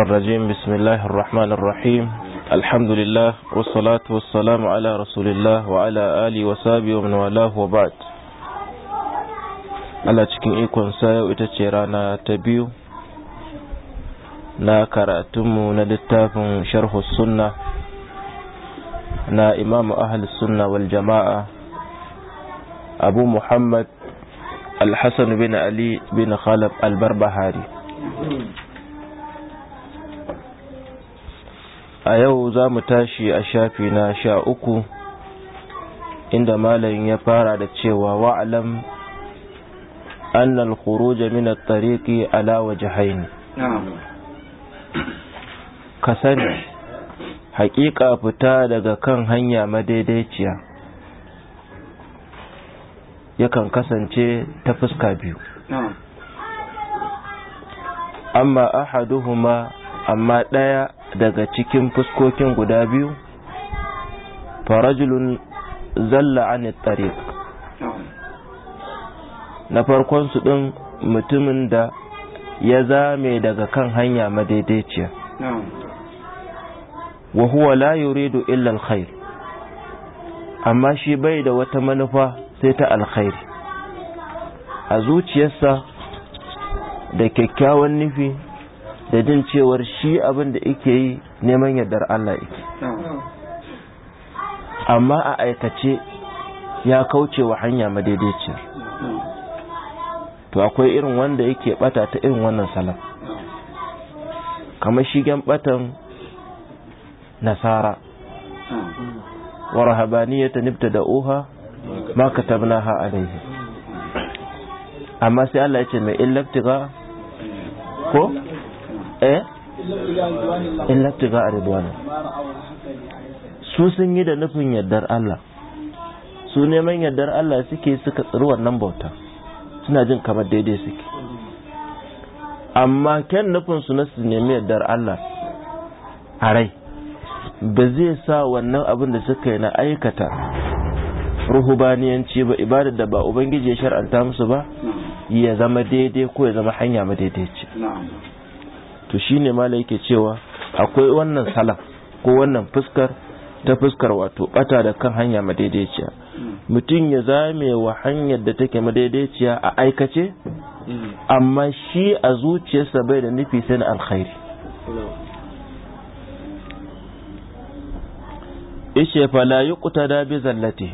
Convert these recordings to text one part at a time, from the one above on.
الرجيم بسم الله الرحمن الرحيم الحمد لله ala والسلام على رسول الله وعلى آله وصحبه ومن والاه وبعد Allah cikin ikon sayo ita ce rana ta biyu na karatunmu na littafin sharhu sunna na imam ahal sunna wal jama'a abu muhammad al bin ali bin khalab al-barbahari a yau za mu tashi a shafi na sha uku inda malayin ya fara da cewa wa'alam annal khuruja min at-tariqi ala ka sani hakika fita daga kan hanya madaidaiciya yakan kasance ta fuska biyu amma ahaduhuma amma ɗaya daga cikin fuskokin guda biyu farajulun zalla an tariq na farkon su din mutumin da ya zame daga kan hanya madaidaiciya wa huwa la yuridu illa alkhair amma shi bai da wata manufa sai ta alkhairi a zuciyarsa da kyakkyawan nufi da jin cewar shi abin da yake yi neman yardar Allah yake amma a aikace ya kauce wa hanya madaidaiciya to akwai irin wanda yake bata ta irin wannan salam kamar shigen batan nasara wa ta nifta da uha ma a alaihi amma sai Allah ya ce mai illabtiga ko eh illa tiga ridwana su sun yi da nufin yardar Allah su neman yardar Allah suke suka tsiri wannan bauta suna jin kamar daidai suke amma kyan nufin su na su nemi yardar Allah a rai ba zai sa wannan abin da suka yi na aikata ruhubaniyanci ba ibadar da ba ubangiji ya shar'anta musu ba ya zama daidai ko ya zama hanya madaidaici to shine mala yake cewa akwai wannan salaf ko wannan fuskar ta fuskar wato bata da kan hanya madaidaiciya mutum ya zame wa hanyar da take madaidaiciya a aikace amma shi a zuciyarsa bai da nufi sai na alkhairi ishe fala yi kuta da bi zallate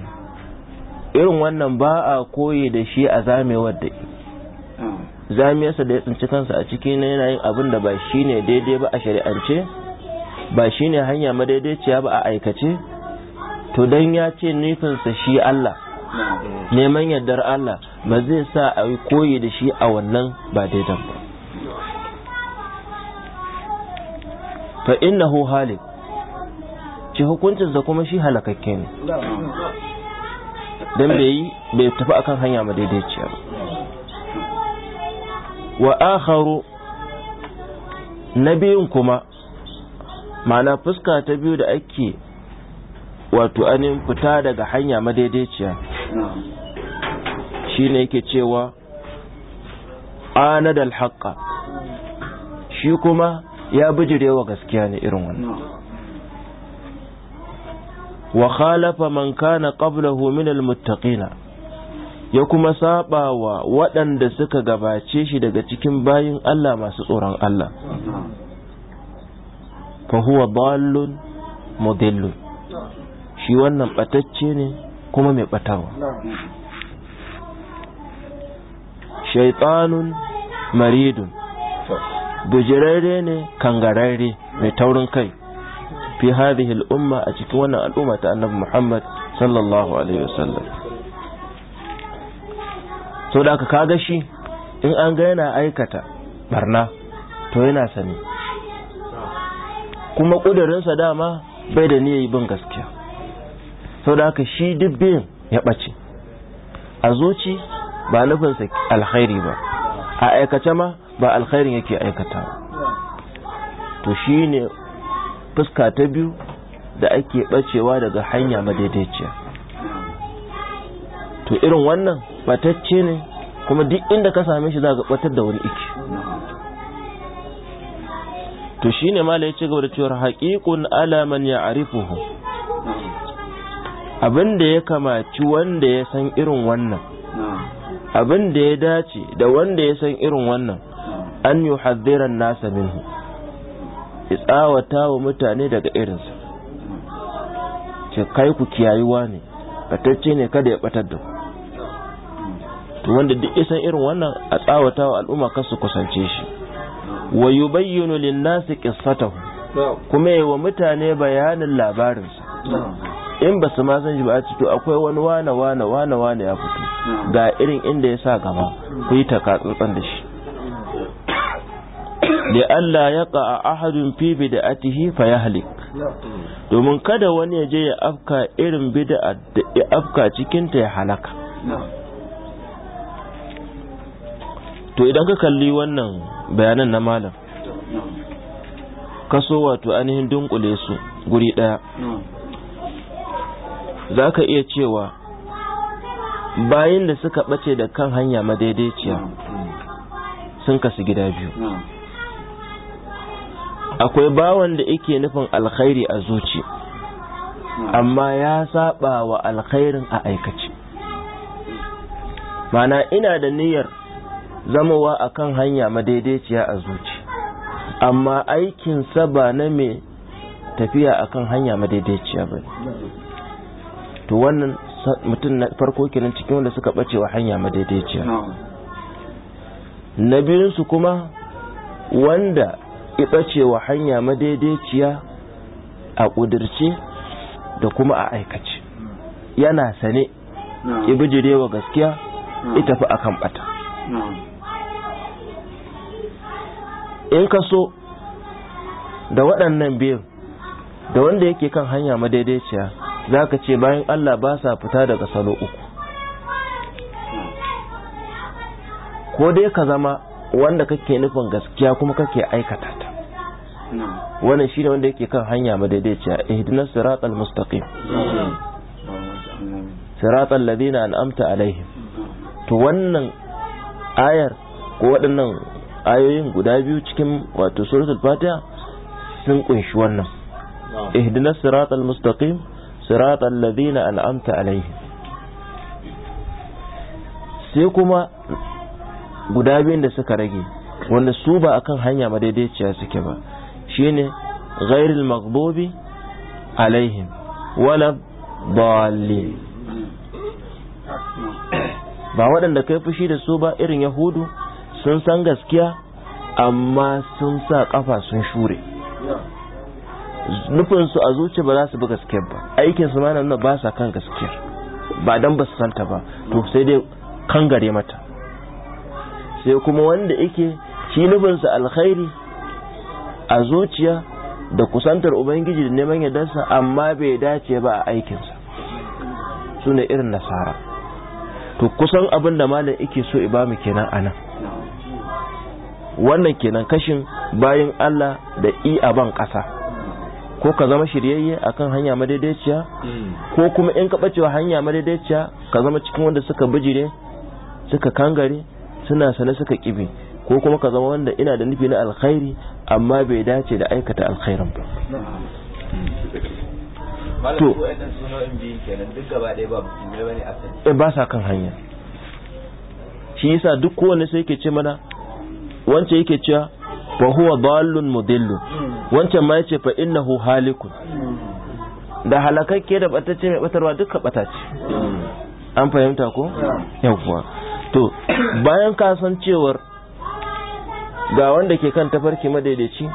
irin wannan ba a koyi da shi a zamewar da jami'arsa da ya tsinci kansa a ciki na yanayin abin da ba shi ne daidai ba a shari'ance ba shi ne hanya madaidaiciya ba a aikace to don ya ce nufinsa shi Allah neman yardar Allah ba zai sa a yi koyi da shi a wannan ba daidan ba fa hu halik ci hukuncinsa kuma shi halakakke ne don bai yi bai tafi akan hanya madaidaiciya ba wa akharu na biyun kuma ma'ana fuska ta biyu da ake wato anin fita daga hanya madaidaiciya shine yake cewa anadal haqqa shi kuma ya bijirewa gaskiya ne irin wannan wa khalafa man kana qablahu min almuttaqina ya kuma saba wa waɗanda suka gabace shi daga cikin bayin Allah masu tsoron Allah fa huwa dallun mudillun shi wannan batacce ne kuma mai ɓatawa? shaitanun maridun bujirarre ne kangararre mai taurin kai fi hadihil umma a cikin wannan al'umma ta annabi Muhammad sallallahu alaihi wasallam so da aka kaga shi in an ga yana aikata barna to yana sani kuma ƙudurinsa dama bai da niyayi bin gaskiya so da aka shi dubbin ya ɓace a zoci ba nufinsa alkhairi ba a aikace ma ba alkhairin yake aikata to shi ne fuska ta biyu da ake ɓacewa daga hanya madaidaiciya to irin wannan batacce ne kuma duk inda ka same shi za ka batar da wani iki to ne mala ya ci gaba da cewar haƙiƙun alaman ya ya'rifuhu ya kamaci wanda ya san irin wannan abinda ya dace da wanda ya san irin wannan an yi haddiran nasa minhu ya tsawata wa mutane daga irinsa ce kai ku kiyayewa ne batacce ne kada ya batar da ku to wanda duk isan irin wannan a tsawata wa al'umma kan su kusance shi wa yubayyinu lin-nasi qissatahu kuma yi wa mutane bayanin labarinsa in ba su ma san shi ba a to akwai wani wane wane wane wane ya fito ga irin inda ya sa gaba ku yi ta tsantsan da shi da Allah ya a ahadun da atihi fa ya halik domin kada wani ya je ya afka irin bida da ya afka cikinta ya halaka to idan ka kalli wannan bayanan na malam kaso wato ainihin dunkule su guri ɗaya za ka iya cewa bayan da suka ɓace da kan hanya madaidaiciya sun kasu gida biyu akwai bawan da yake nufin alkhairi a zuci amma ya saba wa alkhairin a aikace mana ina da niyyar zamowa kan hanya madaidaiciya a zuci amma aikinsa ba na mai tafiya a kan hanya madaidaiciya ba to wannan mutum na farko kenan cikin wanda suka ɓace wa hanya madaidaiciya na biyunsu kuma wanda iɓace wa hanya madaidaiciya a ƙudirce da kuma a aikace yana sane bijirewa gaskiya ita fi akan ɓata in ka so da waɗannan biyu da wanda yake kan hanya madaidaiciya za ka ce bayan Allah ba sa fita daga salo uku ko dai ka zama wanda ke nufin gaskiya kuma kake aikata ta wannan ne wanda yake kan hanya madaidaiciya ihdinas siratal mustaqim siratal ladina an'amta alaihim to wannan ayar ko waɗannan ayoyin guda biyu cikin wato suratul fatiha sun kunshi wannan ihdina siratal mustaqim siratal ladina an'amta alaihi sai kuma guda biyun da suka rage wanda su ba akan hanya madaidaiciya suke ba shine ghairil maghdubi alaihim wala dallin ba waɗanda kai fushi da su ba irin yahudu sun san gaskiya amma sun sa kafa sun shure nufinsu a zuci ba za su bi gaskiya ba aikin su mana nuna ba sa kan gaskiyar ba dan ba su santa ba to sai dai kangare mata sai kuma wanda yake shi su alkhairi a zuciya da kusantar ubangiji da neman dasa amma bai dace ba a aikinsa su ne irin nasara to kusan abin da malam ike so mu kenan anan wannan kenan kashin bayan Allah da i a ban ƙasa ko ka zama shiryayye akan hanya madaidaiciya mm. ko kuma in ka bacewa hanya madaidaiciya ka zama cikin wanda suka bijire suka kangare suna sane suka kibe ko kuma ka zama wanda ina da nufi na alkhairi amma bai dace da aikata alkhairin ba to eh, ba sa kan hanya shi yasa duk kowanne sai ke ce mana wance yake cewa wa huwa dallun mudillun wancan ma yace fa innahu halikun da halakakke da batacce mai batarwa duka batace an fahimta ko yawwa to bayan kasancewar ga wanda ke kan tafarki madaidaici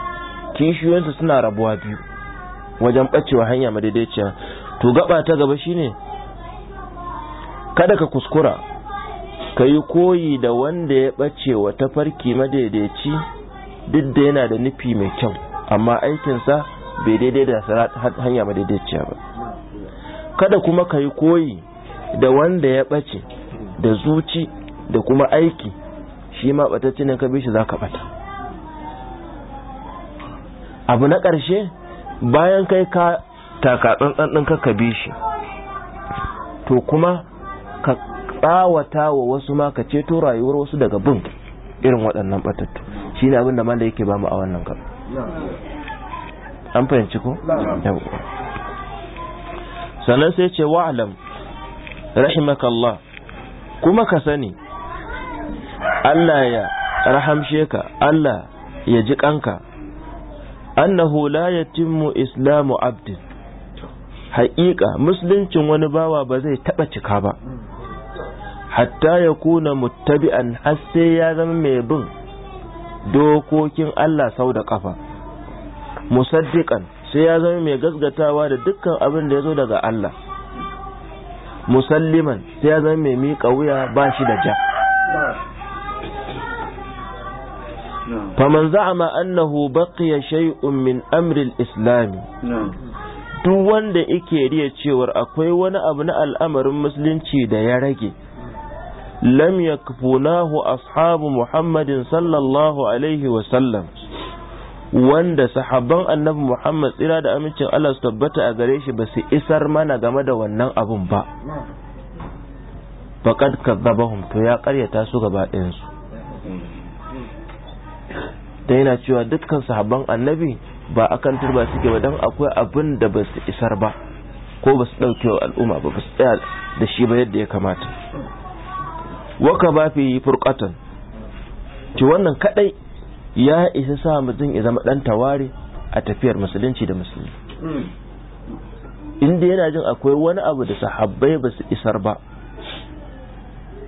kishiyoyinsu suna rabuwa biyu wajen bacewa hanya madaidaiciya to gaba ta gaba shine kada ka kuskura ka yi koyi da wanda ya ɓace wa farki madaidaici duk da yana da nufi mai kyau amma aikinsa bai daidai da hanya madaidaiciya ba kada kuma ka yi koyi da wanda ya ɓace da zuci da kuma aiki shi ma ɓatacce ne ka bi shi za ka ɓata abu na ƙarshe bayan kai ka taka tsantsan ɗin ka bi shi to kuma ka tsawata wa wasu ma ka ceto rayuwar wasu daga bin irin waɗannan batattu shi ne abin da mala yake ba mu a wannan kan an fahimci ko? sannan sai ce wa'alam rahimakallah kuma ka sani Allah ya rahamshe ka Allah ya ji kanka annahu la yatimmu islamu abdin haƙiƙa musuluncin wani bawa ba zai taɓa cika ba hatta ya kuna muttabi'an har sai ya zama mai bin dokokin Allah sau da kafa musaddiqan sai ya zama mai gasgatawa da dukkan abin da ya zo daga Allah musalliman sai ya zama mai miƙa wuya ba shi da ja faman za'ama annahu baqiya shay'un min amri al-islam duk wanda yake riya cewar akwai wani abu na al'amarin musulunci da ya rage lam yakfunahu ashabu muhammadin sallallahu alaihi wasallam wanda sahabban annabi muhammad tsira da amincin allah su tabbata a gare shi ba su isar mana game da wannan abun ba faƙad kazzabahum to ya karyata su gaba ɗayansu da yana cewa dukkan sahabban annabi ba akan turba suke ba don akwai abin da ba su isar ba ko ba su ɗauke wa al'umma ba ba su tsaya da shi ba yadda ya kamata waka ba fi furkatan. ci wannan kadai ya isa sa mutum ya zama dan taware a tafiyar musulunci da musulmi inda yana jin akwai wani abu da sahabbai ba su isar ba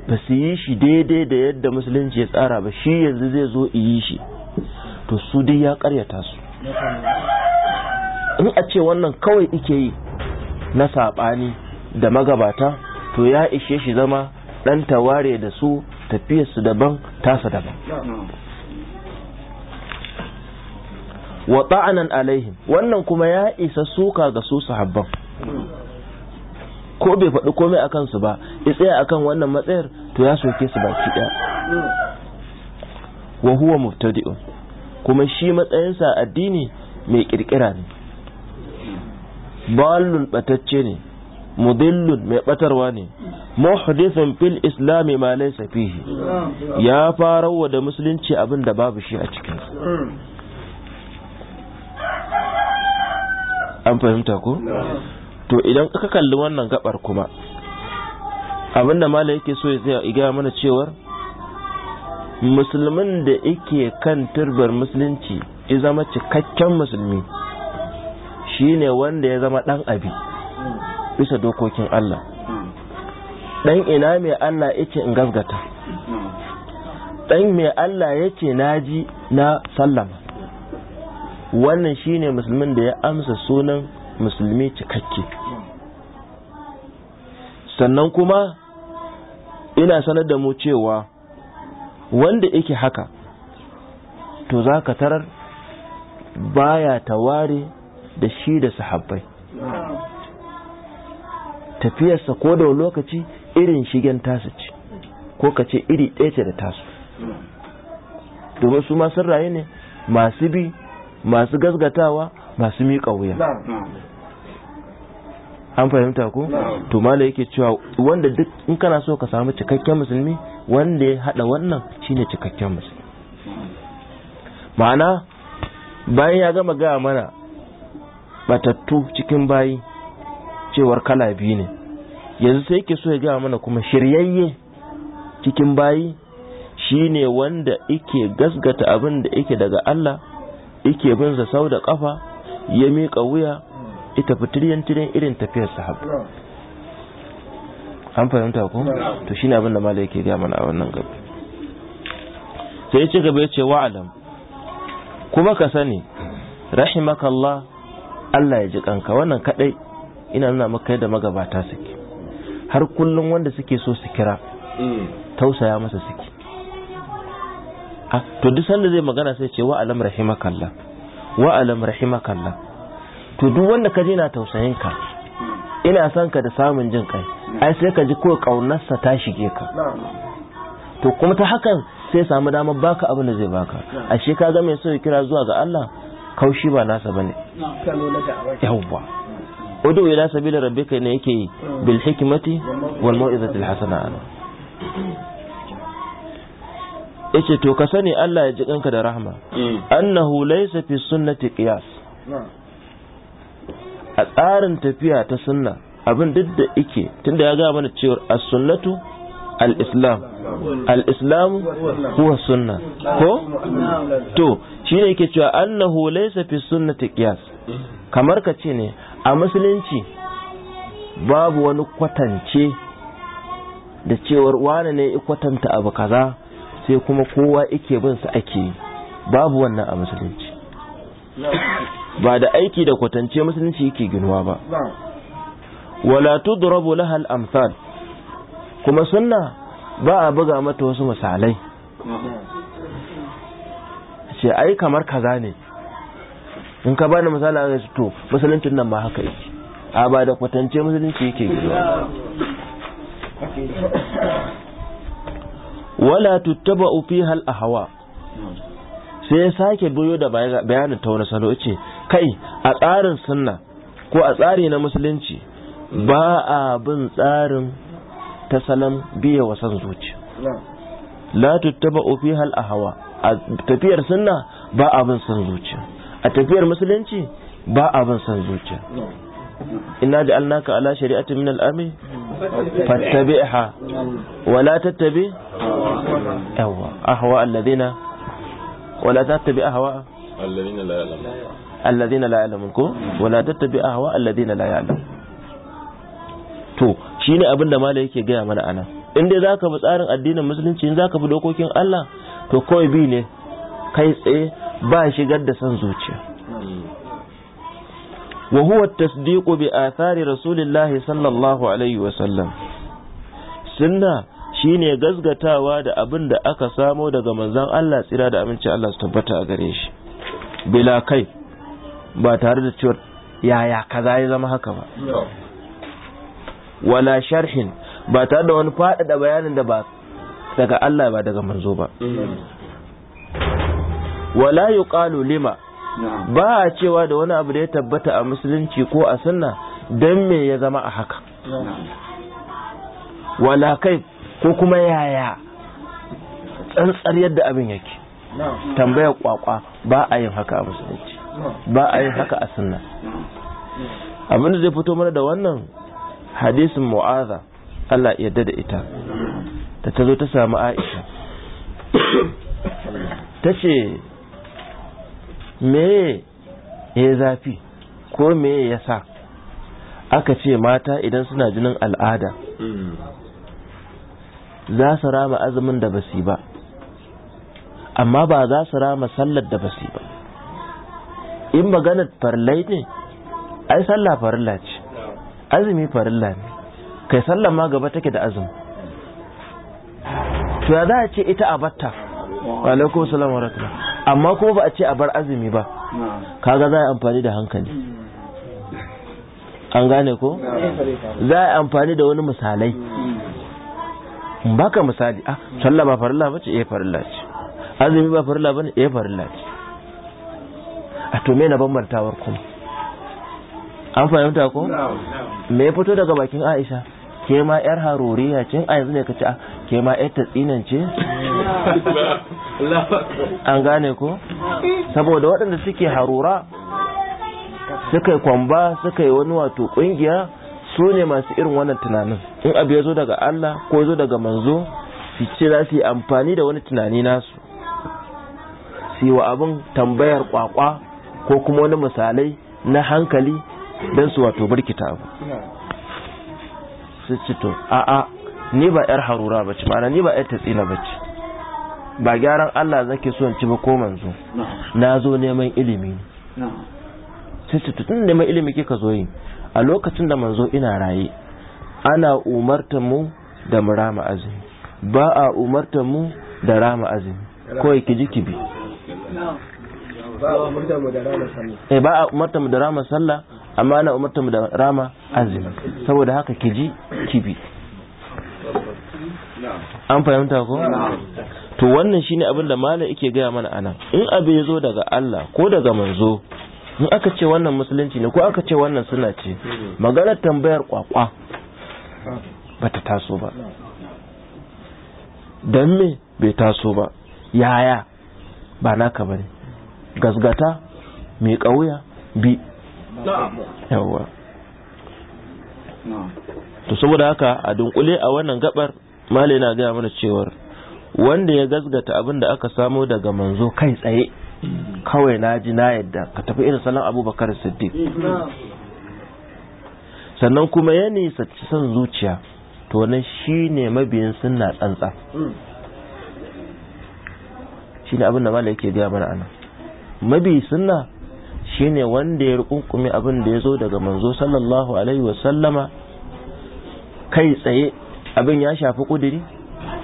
ba su yi shi daidai da yadda musulunci ya tsara ba shi yanzu zai zo yi shi to su dai ya karyata su in a ce wannan kawai ike yi na saɓani da magabata to ya ishe shi zama dan taware da su tafiyar su daban tasa daban wa ta'anan alaihim wannan kuma ya isa suka ga su sahabban ko bai faɗi komai a kansu ba ya tsaya akan wannan matsayar to ya soke su baki ɗaya wa huwa mubtadi'un kuma shi matsayinsa addini mai kirkira ne ballun batacce ne mudillun mai batarwa ne muhdithun fil islami ma laysa fihi ya wa da musulunci abin da babu shi a cikin an fahimta ko to idan aka kalli wannan gabar kuma abin da mala yake so ya iga mana cewar musulmin da yake kan turbar musulunci ya zama cikakken musulmi shine wanda ya zama dan abi bisa dokokin Allah dan ina mai Allah yake in gasgata dan mai Allah yake naji na sallama wannan shine musulmin da ya amsa sunan musulmi cikakke sannan kuma ina sanar da mu cewa wanda yake haka to za ka tarar baya taware da shi da sahabbai tafiyarsa ko da lokaci irin shigen tasu ce ko ka ce iri ɗaya ce da tasu domin su ma sun raye ne masu bi masu gasgatawa masu miƙa wuya an fahimta ko to mala yake cewa wanda duk in kana so ka samu cikakken musulmi wanda ya hada wannan shine cikakken musulmi ma'ana bayan ya gama gaya mana batattu cikin bayi cewar kala biyu ne yanzu sai ke so ya gaya mana kuma shiryayye cikin bayi shi ne wanda ike gasgata abin da ike daga Allah ike bin sa sau da kafa ya miƙa wuya ita fitiryan tirin irin tafiyar sahab an fahimta ko to shine abin da malai yake gaya mana a wannan gaba sai ya ci gaba ya ce wa'alam kuma ka sani rahimakallah Allah ya ji kanka wannan kadai ina nuna maka yadda magabata suke har kullum wanda suke so su kira mm. tausaya masa suke to duk sanda zai magana sai ce wa alam rahimakallah wa alam rahimakallah to duk wanda ka je na tausayin ka mm. ina son ka da samun jin kai ai sai ka ji ko kaunarsa ta shige ka to kuma ta hakan sai samu damar baka abin da zai baka ashe ka ga mai so ya kira zuwa ga Allah kaushi ba nasa bane yawwa udu ila سبيل ربك ne yake yi والموئذة الحسنة wal mau'izati al hasana yace to ka Allah ya ji kanka da rahma a tsarin tafiya ta sunna abin duk da tun da ya ga mana cewar as-sunnatu al-islam al-islam huwa sunna ko to shine yake cewa annahu laysa fi sunnati qiyas kamar ka ce ne a musulunci babu wani kwatance da cewar wane ne ya kwatanta abu kaza sai kuma kowa ike bin su ake yi babu wannan a musulunci ba da aiki da kwatance musulunci yake ginuwa ba wala tudrabu laha amsal kuma sunna ba a buga mata wasu misalai ce ai kamar kaza ne in ka bani misali a yanzu to musuluncin nan ma haka yake a ba da kwatance musulunci yake girma wala tuttaba fi hal hawa sai ya sake biyo da bayanin ta wani salo ce kai a tsarin sunna ko a tsari na musulunci ba a bin tsarin ta salam biya wa san zuci la tuttaba fi hal hawa a tafiyar sunna ba a bin san zuciya a tafiyar musulunci ba a ban san zuciya inna naka ala shari'atin min al-amri fattabi'ha wala tattabi yawa ahwa alladhina wala tattabi ahwa alladhina la ya'lamun alladhina la ya'lamun ko Wala tattabi ahwa alladhina la ya'lamun to shine abin da malai yake gaya mana ana in dai zaka bi tsarin addinin musulunci in zaka bi dokokin Allah to kawai bi ne kai tsaye ba shigar da son zuciya wa huwa tasdiqu bi athari rasulillahi sallallahu alaihi wa sallam sunna shine gazgatawa da abin da aka samo daga manzon Allah tsira da aminci Allah su tabbata a gare shi bila kai ba tare da cewa yaya kaza ya zama haka ba wala sharhin ba tare da wani faɗaɗa bayanin da ba daga Allah ba daga manzo ba wala yuqalu lima ba a cewa da wani abu da ya tabbata a musulunci ko a sunna dan me ya zama a haka wala kai ko kuma yaya tsantsar yadda abin yake tambaya kwakwa ba a yin haka a musulunci ba a yin haka a sunna abin zai fito mana da wannan hadisin mu'aza Allah ya da ita da ta zo ta samu Aisha ta ce me ya zafi ko me ya sa aka ce mata idan suna jinin al'ada za su rama azumin da basi ba amma ba za su rama sallar da basi ba in maganar farlai ne ai sallah farla ce azumi farla ne kai sallar ma gaba take da azumi to ya za a ce ita a batta wa alaikun salam wa rahmatullah amma kuma ba a ce a bar azumi ba kaga za a amfani da hankali an gane ko za a amfani da wani misalai baka misali ah sallah ba farilla bace eh farilla ce azumi ba farilla bane eh farilla ce a to me na bambartawar kuma an fahimta ko me ya fito daga bakin Aisha ke ma yar haruriya ce a yanzu ne kace ah, ke ma yar ta tsinance an gane ko saboda waɗanda suke harura suka yi kwamba suka yi wani wato ƙungiya su ne masu irin wannan tunanin in abu ya zo daga Allah ko ya zo daga manzo su ce za su yi amfani da wani tunani nasu su yi wa abin tambayar kwakwa ko kuma wani misalai na hankali don su wato birkita abu su ci to a'a ni ba yar harura bace ma'ana ni ba yar tatsina bace ba gyaran Allah zake so in ci ba ko manzo na zo neman ilimi sai su tutun neman ilimi kika zo yi a lokacin da manzo ina raye ana umarta mu da mu rama azumi ba a umarta mu da rama azumi ko ki ji ki bi eh ba a umarta mu da rama sallah amma ana umarta mu da rama azumi saboda haka ki ji ki bi an fahimta ko to wannan shine abin da malam yake gaya mana anan in abu ya zo daga Allah ko daga manzo in aka ce wannan musulunci ne ko aka ce wannan suna ce maganar tambayar kwakwa bata taso ba Dan me bai taso ba yaya ba naka bane gasgata mai kauya bi yawa to saboda haka a dunkule a wannan gabar malai na gaya mana cewar wanda ya gazgata abin da aka samo daga manzo kai tsaye kawai na ji na yadda ka tafi irin salon abubakar siddiq sannan kuma ya nisanci son zuciya to wannan shi ne mabiyin na tsantsa shi ne abin da malai yake gaya mana ana mabi sunna shi ne wanda ya rukunkumi abin da ya zo daga manzo sallallahu alaihi wasallama kai tsaye abin ya shafi ƙudiri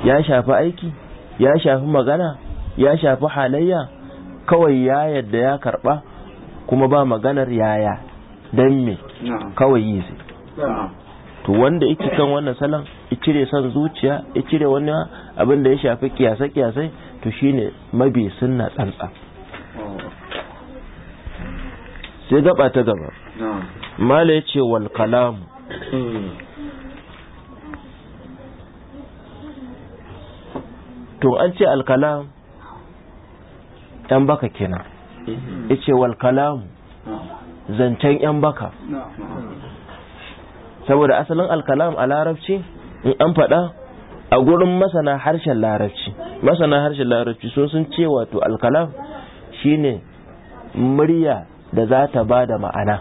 ya shafi aiki ya shafi magana ya shafi halayya kawai ya yadda ya karɓa kuma ba maganar yaya don me kawai yi zai to wanda yake kan wannan salon icire son zuciya icire wani abin da ya shafi kiyasa-kiyasai to shine mabi sunna tsantsa sai gaba ta gaba mala ya ce wal to an ce alkalam yan baka kenan mm-hmm. yace wal kalam zancen yan baka saboda asalin alkalam a larabci in an faɗa a gurin masana harshen larabci masana harshen larabci sun sun ce wato alkalam ne murya da za ta ba da ma'ana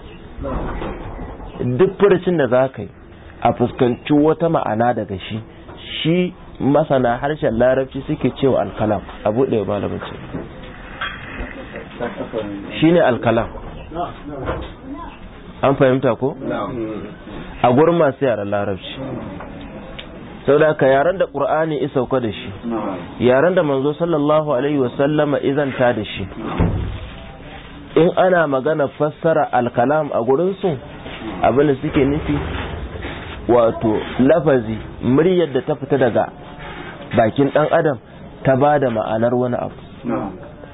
duk furcin da za ka yi a fuskanci wata ma'ana daga shi shi masana harshen larabci suke cewa alkalam a buɗe malamin ce shine alkalam an fahimta ko a gurin masu yara larabci sau da ka yaren da ƙur'ani isauka da shi yaren da manzo sallallahu alaihi wasallama izanta da shi in ana magana fassara alkalam a gurin gurinsu abinda suke nufi wato lafazi muryar da ta fita daga bakin dan adam ta ba da ma'anar wani abu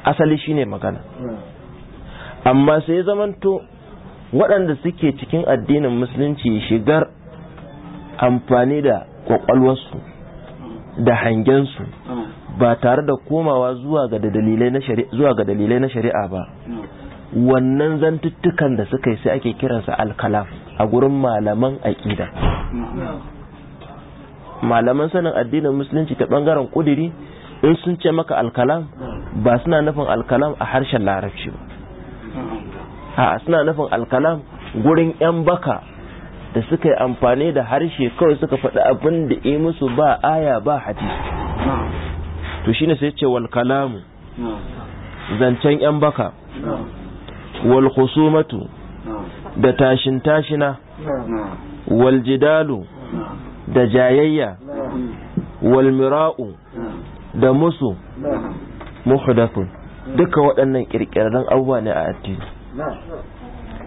asali shine magana amma sai zamanto waɗanda suke cikin addinin musulunci shigar amfani da kwakwalwarsu da hangen su, ba tare da komawa zuwa ga dalilai na shari'a ba wannan zantuttukan da suka yi sai ake kiransa alkalam a gurin malaman aƙida malaman sanin addinin musulunci ta bangaren kudiri in sun ce maka alkalam ba suna nufin alkalam a harshen larabci ba a suna nufin alkalam gurin 'yan baka da suka yi amfani da harshe kawai suka faɗi abin da yi musu ba aya ba hadisi to shi ne sai ce wal kalamu zancen 'yan baka wal khusumatu da tashin tashina wal jidalu da jayayya wal da musu muhdathun duka waɗannan kirkirarren abubuwa ne a addini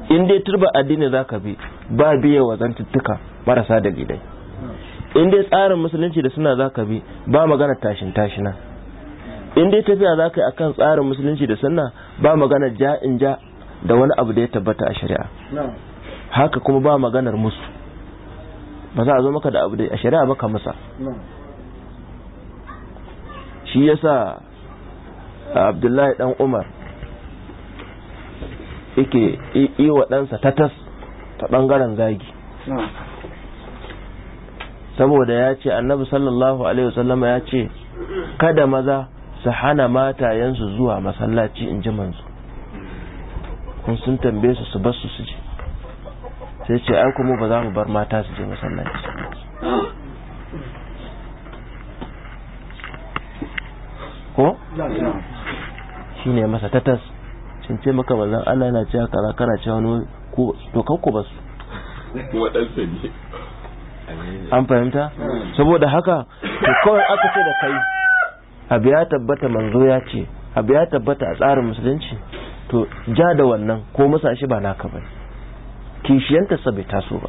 in dai turba addini zaka bi ba biye wa zantuttuka marasa dalilai in dai tsarin musulunci da suna ka bi ba magana tashin tashina in dai tafiya zaka yi akan tsarin musulunci da sunna ba magana ja in ja da wani abu da ya tabbata a shari'a haka kuma ba maganar musu ba za a zo maka da abu da a shari'a maka masa shi ya yasa abdullahi dan umar yake yi wa ɗansa tas ta ɓangaren zagi saboda ya ce annabi sallallahu alaihi wasallama ya ce kada maza su hana mata matayensu zuwa masallaci in ji manzu kun sun tambaye su su basu su je sai ce ai kuma ba za mu bar mata su je masallaci ko ne masa tatas sun ce maka bazan Allah yana cewa kara kara cewa wani ko to kanku ba su an fahimta saboda haka to kawai aka ce da kai abu ya tabbata manzo ya ce abu ya tabbata a tsarin musulunci to ja da wannan ko masa shi ba naka bane kishiyanta sa bai taso ba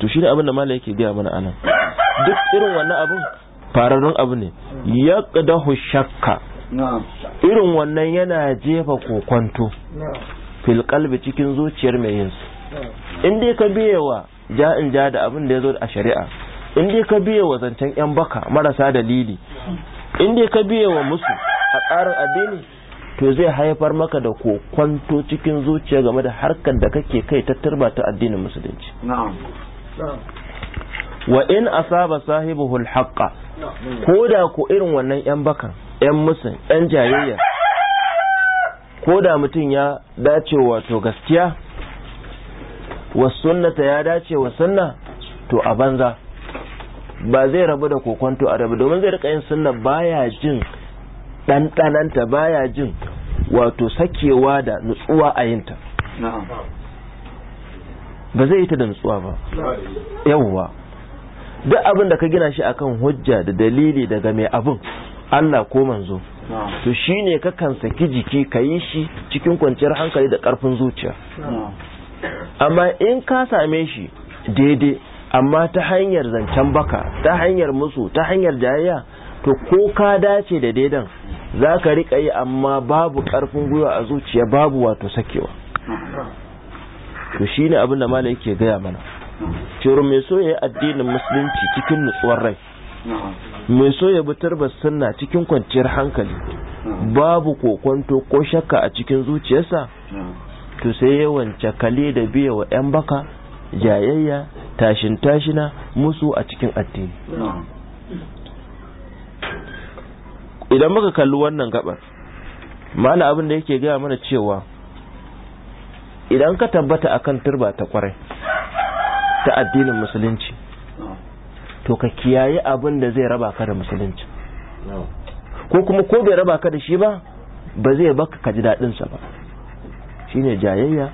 to shi abin da mala yake gaya mana anan duk irin wannan abin fararun abu ne ya ƙadahu shakka irin wannan yana jefa kokwanto fil qalbi cikin zuciyar mai yin su in dai ka biyewa ja'in ja da abin da ya zo a shari'a in dai ka biyewa wa zancen yan baka marasa dalili in dai ka biyewa musu a ƙarin addini to zai haifar maka da kokwanto cikin zuciya game da harkar da kake kai ta turba ta addinin musulunci wa in asaba sahibuhu alhaqa ko da ku irin wannan yan bakan yan musun yan jayayya ko da mutum ya dace wato gaskiya wa sunnata ya dace wa sunna to a banza ba zai rabu da kokwanto a rabu domin zai rika yin sunna baya jin ɗanɗananta baya jin wato sakewa da nutsuwa a yinta ba zai yi ta da nutsuwa ba yawwa duk abin da ka gina shi akan hujja da dalili daga mai abin Allah ko manzo to shine kakan saki jiki ka yi shi cikin kwanciyar hankali da karfin zuciya amma in ka same shi daidai amma ta hanyar zancen baka ta hanyar musu ta hanyar jayayya to ko ka dace da daidan za ka riƙa yi amma babu ƙarfin gwiwa a zuciya babu wato sakewa to shi ne abin da yake gaya mana ciro mai so ya yi addinin musulunci cikin nutsuwar rai mai so ya bi tarbar sunna cikin kwanciyar hankali babu kokonto ko shakka a cikin zuciyarsa to sai yawan kale da biya wa 'yan baka jayayya tashin tashina musu a cikin addini idan muka kalli wannan gabar ma'ana abin da yake gaya mana cewa idan ka tabbata akan turba ta kwarai ta addinin musulunci to ka kiyaye abin da zai raba ka da musulunci ko kuma ko bai raba ka da shi ba ba zai baka ka ji daɗinsa ba shine jayayya har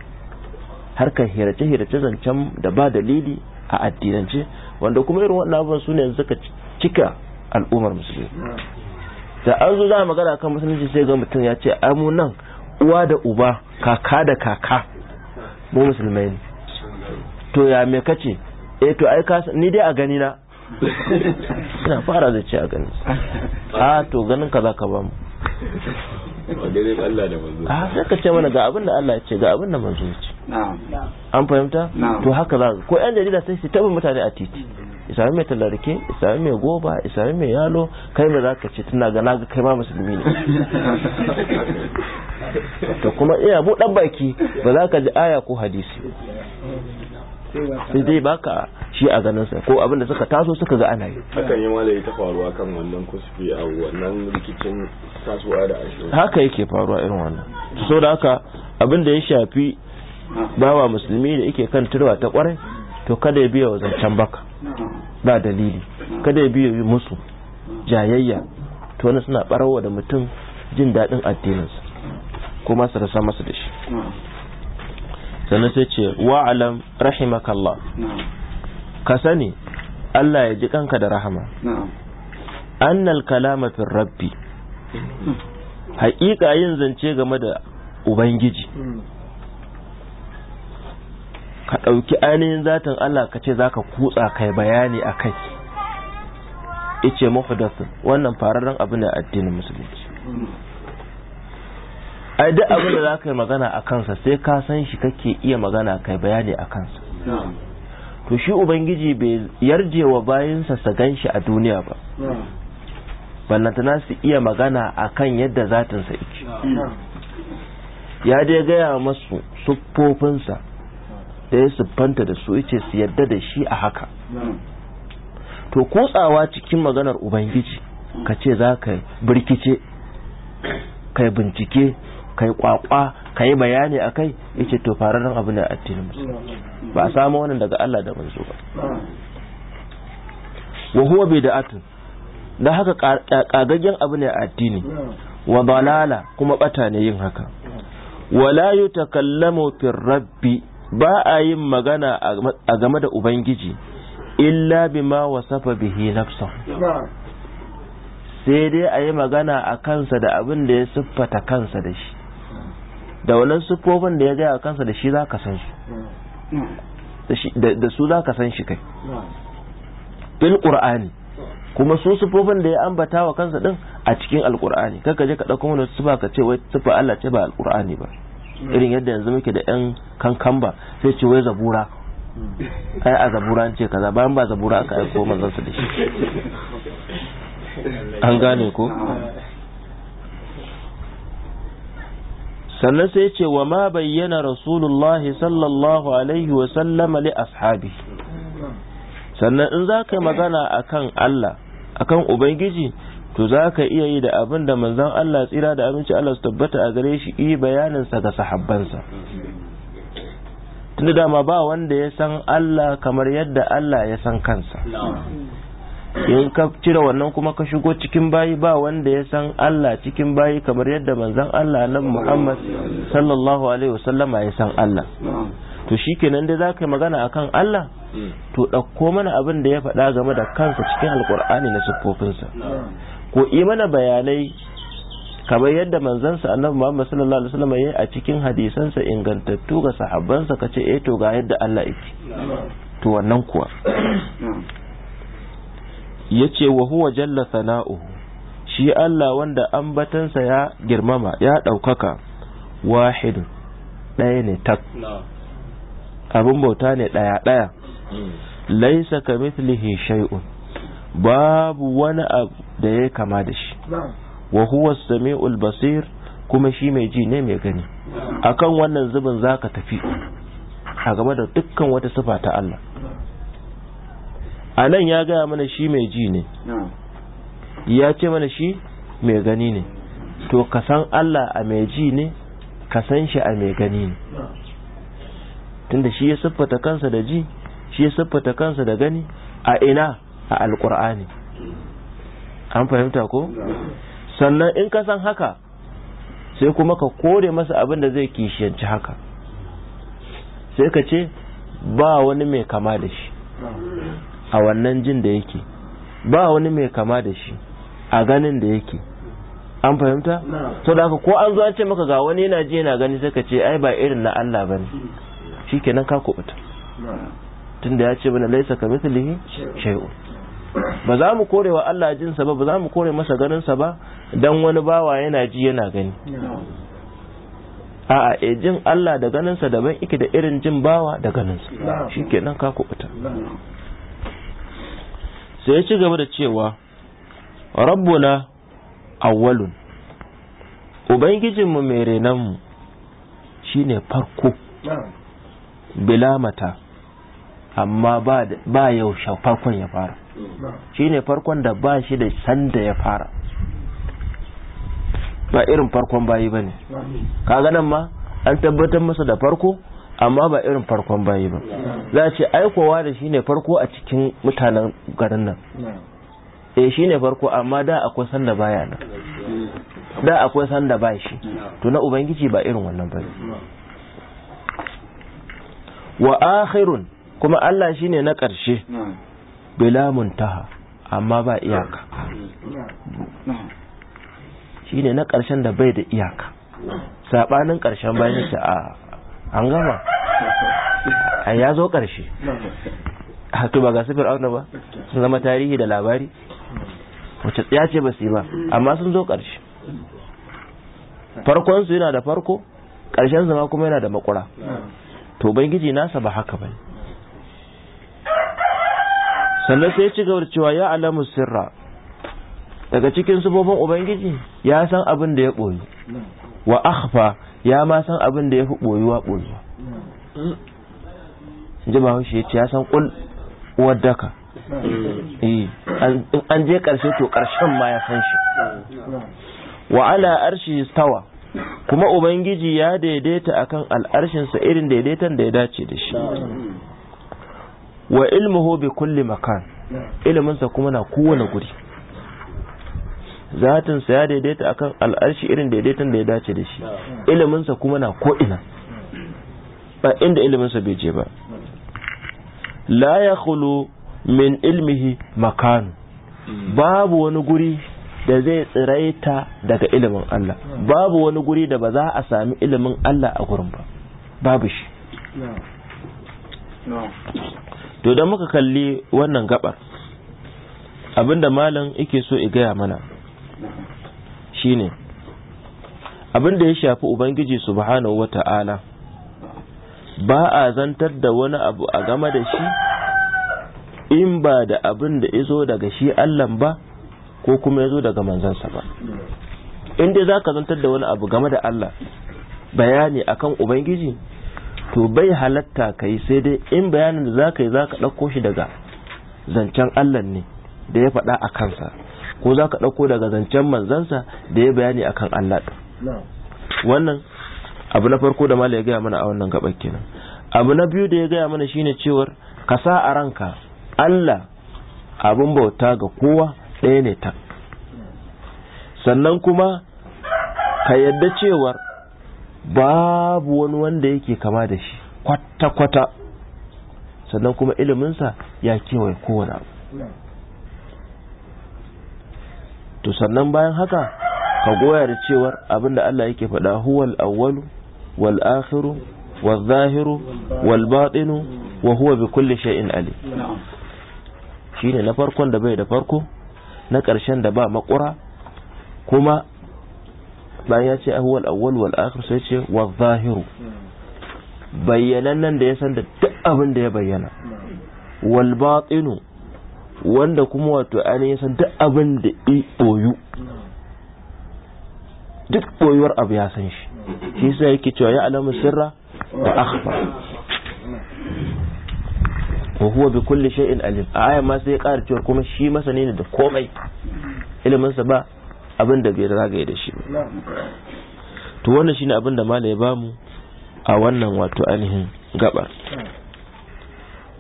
harkar hirace-hirace zancen da ba dalili a addinance wanda kuma irin waɗannan abubuwan su yanzu ka cika al'ummar musulunci. da an zo za magana kan musulunci sai ga mutum ya ce amu nan uwa da uba kaka da kaka mu musulmai ne to ya mai kace eh to ai ni dai a gani na ina fara da ce a gani a ah, to ganin ka za ka ba mu a ah, ka ce mana ga abin da Allah ya ce ga abin da manzo ce an fahimta to haka za ko yan jarida sai su taba mutane a titi isami mai tallarke, isami mai goba isami mai yalo kai mai zaka ce tana ga naga kai ma musulmi ne to kuma iya buɗan baki ba za ka ji aya ko hadisi sai dai baka shi a ganin sa ko abin da suka taso suka ga ana yi hakan yi malai ta faruwa kan wannan kusfi a wannan rikicin tasowa da ashirin haka yake faruwa irin wannan so da haka abin da ya shafi bawa musulmi da yake kan turwa ta kwarai to kada ya biya wa zancen baka ba dalili kada ya biya musu jayayya to wani suna barawa da mutum jin daɗin addininsa kuma su rasa masa da shi sannan sai ce wa'alam rahimakallah ka sani Allah ya ji kanka da rahama annal kalama fil rabbi haƙiƙa yin zance game da ubangiji ka ɗauki ainihin zatin Allah ka ce zaka kutsa kai bayani a kai ice muhdathin wannan fararen abu ne addinin musulunci mm. ai duk abin da za ka yi magana a kansa sai ka san shi kake iya magana kai bayani a kansa to shi ubangiji bai yarje wa bayansa sa gan shi a duniya ba ballantana su iya magana a kan yadda zatinsa yake ya dai gaya masu siffofinsa da ya siffanta da su ice su yadda da shi a haka to kutsawa cikin maganar ubangiji ka ce za ka birkice kai bincike kai kwakwa kai bayani akai yace to fararen abu ne addinin musulunci ba a samu wannan daga Allah da manzo ba wa huwa bid'atu dan haka kagaggen abu ne addini wa dalala kuma bata ne yin haka wala yutakallamu fir rabbi ba a yin magana a game da ubangiji illa bima wasafa bihi nafsa sai dai a yi magana a kansa da abin da ya siffata kansa da shi da walan siffofin da ya gaya kansa da shi za ka san shi da su za ka san shi kai bil qur'ani kuma su sufofin da ya ambata wa kansa din a cikin alqur'ani kaka je ka dauko mana su ba ka ce wai sufa Allah ce ba alqur'ani ba irin yadda yanzu muke da yan kankan ba sai ce wai zabura ai a zabura an ce kaza bayan ba zabura aka aiko manzon su da shi an gane ko sannan sai ce wa ma bayyana rasulullah sallallahu alaihi wa sallama li ashabi sannan in zaka ka yi magana akan Allah akan ubangiji to zaka iya yi da abin da manzon Allah tsira da aminci Allah su tabbata a gare shi yi sa ga sahabbansa tunda dama ba wanda ya san Allah kamar yadda Allah ya san kansa in ka cire wannan kuma ka shigo cikin bayi ba wanda ya san Allah cikin bayi kamar yadda manzon Allah nan Muhammad sallallahu alaihi wasallama ya san Allah to shikenan dai zaka yi magana akan Allah to dauko mana abin da ya faɗa game da kansa cikin alkur'ani na siffofinsa ko yi mana bayanai kamar yadda manzansa annabi Muhammad sallallahu alaihi wasallam yayi a cikin hadisansa ingantattu ga sahabbansa kace eh to ga yadda Allah yake to wannan kuwa Ya wa huwa jalla sana'uhu shi Allah wanda ambatansa ya girmama ya ɗaukaka wahidu ɗaya ne tak abin bauta ne ɗaya ɗaya hmm. laisa ka mithlihi shay'un babu wani abu da ya kama da shi wa huwa sami'ul basir kuma shi mai ji ne mai gani akan wannan zubin zaka tafi a game da dukkan wata sifa ta Allah a nan ya gaya mana shi mai ji ne ya ce mana shi mai gani ne to ka san Allah a mai ji ne ka san shi a mai gani ne tunda shi ya siffata kansa da ji shi ya siffata kansa da gani a ina a alkur'ani an fahimta ko sannan in ka san haka sai kuma ka kore masa abin da zai kishiyanci haka sai ka ce ba wani mai kama da shi a wannan jin da yake ba wani mai kama da shi a ganin da yake an fahimta to da ko an zo an ce maka ga wani yana ji yana gani sai ka ce ai ba irin na Allah bane shikenan ka kubuta tunda ya ce bana laisa ka mithlihi shay'un ba za mu kore wa Allah jinsa ba ba za mu kore masa ganinsa ba dan wani bawa yana ji yana gani a'a e jin Allah da ganinsa daban iki da irin jin bawa da ganinsa shikenan ka kubuta sai ya ci gaba da cewa rabbuna awwalun ubangijinmu mai renonmu shi ne farko bilamata amma ba yaushe farkon ya fara shi ne farkon da ba shi da sanda ya fara ba irin farkon bayi ba ne nan ma an tabbatar masa da farko amma ba irin farkon bayi ba za a ce aikowa da shi ne farko a cikin mutanen garin nan E, shi ne farko amma da akwai sanda baya nan da akwai sanda ba shi to na ubangiji ba irin wannan ba wa akhirun kuma Allah shi ne na ƙarshe bila muntaha amma ba iyaka Shi ne na ƙarshen da bai da iyaka sabanin ƙarshen bayan sha'a an gama a ya zo ƙarshe haka ba ga su fir'auna ba sun zama tarihi da labari wacce ya ce ba su ba amma sun zo ƙarshe farkonsu yana da farko ƙarshen zama kuma yana da makura to bangiji nasa ba haka ba sannan sai ci gaba cewa ya alamu sirra daga cikin sufofin ubangiji ya san abin da ya ɓoyi wa akhfa ya ma san abin da yafi boyuwa boyuwa ji ba ya ya san kul wadaka eh, an je karshe to karshen ma ya san shi wa ala arshi stawa kuma ubangiji ya daidaita akan sa irin daidaitan da ya dace da shi wa ilmuhu bi kulli makan iliminsa kuma na kowane guri sa ya daidaita akan al'arshi irin daidaitan da ya dace da shi iliminsa kuma na ko'ina ba inda iliminsa bai je ba la ya min ilmihi makano. babu wani guri da zai tsiraita daga ilimin Allah babu wani guri da ba za a sami ilimin Allah a gurin ba babu shi to dan muka kalli wannan gabar abinda malam yake so i gaya mana shine abin da ya shafi ubangiji subhanahu wata'ala ba a zantar da wani abu a game da shi in ba da abin da izo daga shi Allah ba ko kuma ya zo daga manzansa ba in dai za ka zantar da wani abu game da Allah bayani akan ubangiji to bai halatta ka yi sai dai in bayanin da za ka yi za ka ɗauko shi daga zancen Allah ne da ya faɗa a kansa ko za ka ɗauko daga zancen manzansa da ya bayani akan Allah wannan abu na farko da mala ya gaya mana a wannan gaɓar kenan abu na biyu da ya gaya mana shine cewar ka sa a ranka Allah abin bauta ga kowa ɗaya ne ta sannan kuma ka yadda cewar babu wani wanda yake kama da shi kwata-kwata sannan kuma iliminsa ya kewaye kowane abu to sannan bayan haka ka goya da cewar abinda Allah yake faɗa huwal awwalu wal akhiru wal zahiru wal batinu wa huwa bi kulli shay'in ali shine na farkon da bai da farko na ƙarshen da ba makura kuma bayan ya ce huwal awwal wal akhir sai ce wal zahiru bayyanan nan da ya san da duk abin da ya bayyana wal batinu wanda kuma wato ainihin san duk abin da i boyu duk boyuwar abu ya san shi shi sa yake cewa ya alamu sirra wa akhfa wa huwa bi kulli shay'in alim a aya ma sai ya ƙara cewa kuma shi masani ne da komai ilimin sa ba abin da bai zagaye da shi to wannan shine abin da malai ya bamu a wannan wato ainihin gabar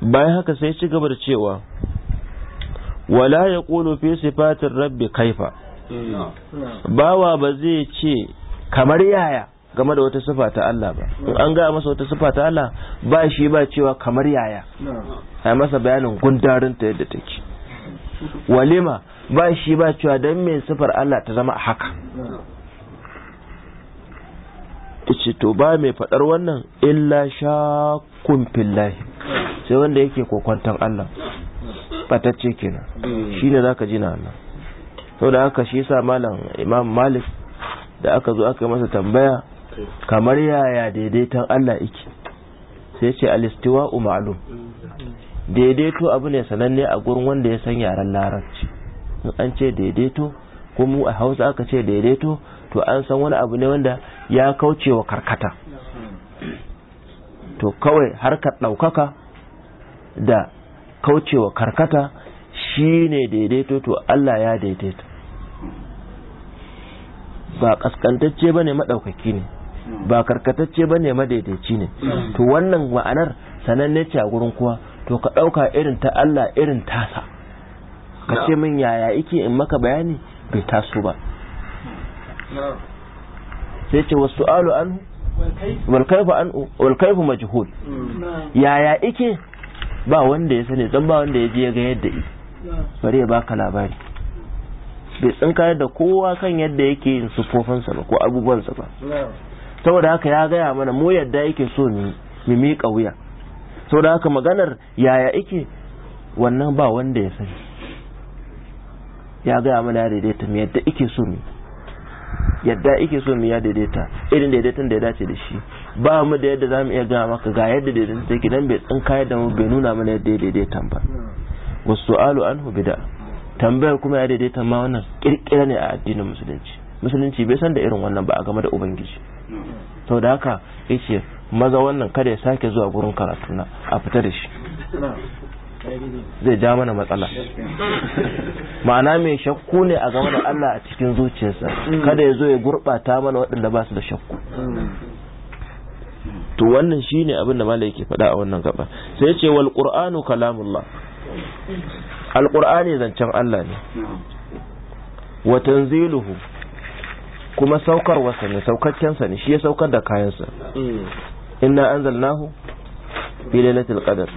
bayan haka sai ci gaba da cewa wala ya في صفات الرب rabbi kaifa bawa ba zai ce kamar yaya game da wata sifa ta Allah ba in an gaya masa wata sifa ta Allah ba shi ba cewa kamar yaya ai masa bayanin gundarin ta yadda take walima ba shi ba cewa don me sifar Allah ta zama haka ce to ba mai faɗar wannan illa shakun fillahi sai wanda yake kokwantan Allah tabbatacce kenan hmm. shine zaka ji na nan saboda aka shi yasa malam imam malik da aka zo aka yi masa tambaya kamar yaya daidaitan Allah iki. sai ce alistiwa ma'lum daidaito abu ne sananne a gurin wanda ya san yaren larabci in an ce daidaito ko mu a hausa aka ce daidaito to an san wani abu ne wanda ya kauce wa karkata to kawai harkar ɗaukaka da kaucewa karkata shine daidaito to Allah ya daidaita ba kaskantacce ne madaukaki ne ba karkatacce ne madaidaici ne to wannan ma'anar sananne ce a gurin kuwa to ka dauka irin ta Allah irin tasa ka ce min yaya yake in maka bayani bai taso ba sai ce wasu alu an wal kaifu majhul hmm. yaya ike ba wanda ya sani zan ba wanda ya je ga yadda yi bari ya baka labari bai tsinkar da kowa kan yadda yake yin siffofinsa ba ko abubuwansa ba saboda haka ya gaya mana mu yadda yake so ne mu miƙa wuya saboda haka maganar yaya ike wannan ba wanda ya sani ya gaya mana ya daidaita mu yadda ike so ne yadda ike so mu ya daidaita irin daidaitan da ya dace da shi ba mu da yadda za mu iya gaya maka ga yadda daidaita take nan bai tsinka da mu bai nuna mana yadda daidaita ba wasu alu hu bida tambayar kuma ya daidaita ma wannan kirkira ne a addinin musulunci musulunci bai san da irin wannan ba a game da ubangiji to da haka ce maza wannan kada ya sake zuwa gurin karatu na a fita da shi zai ja mana matsala ma'ana mai shakku ne a game da Allah a cikin zuciyarsa kada ya zo ya gurɓata mana waɗanda ba su da shakku to wannan shine abin da malai yake faɗa a wannan gaba sai ce wal qur'anu kalamullah qur'ani zancen Allah ne wa tanziluhu kuma saukar wasa ne saukakken sa ne shi ya saukar da kayan sa inna anzalnahu fi lailatul qadr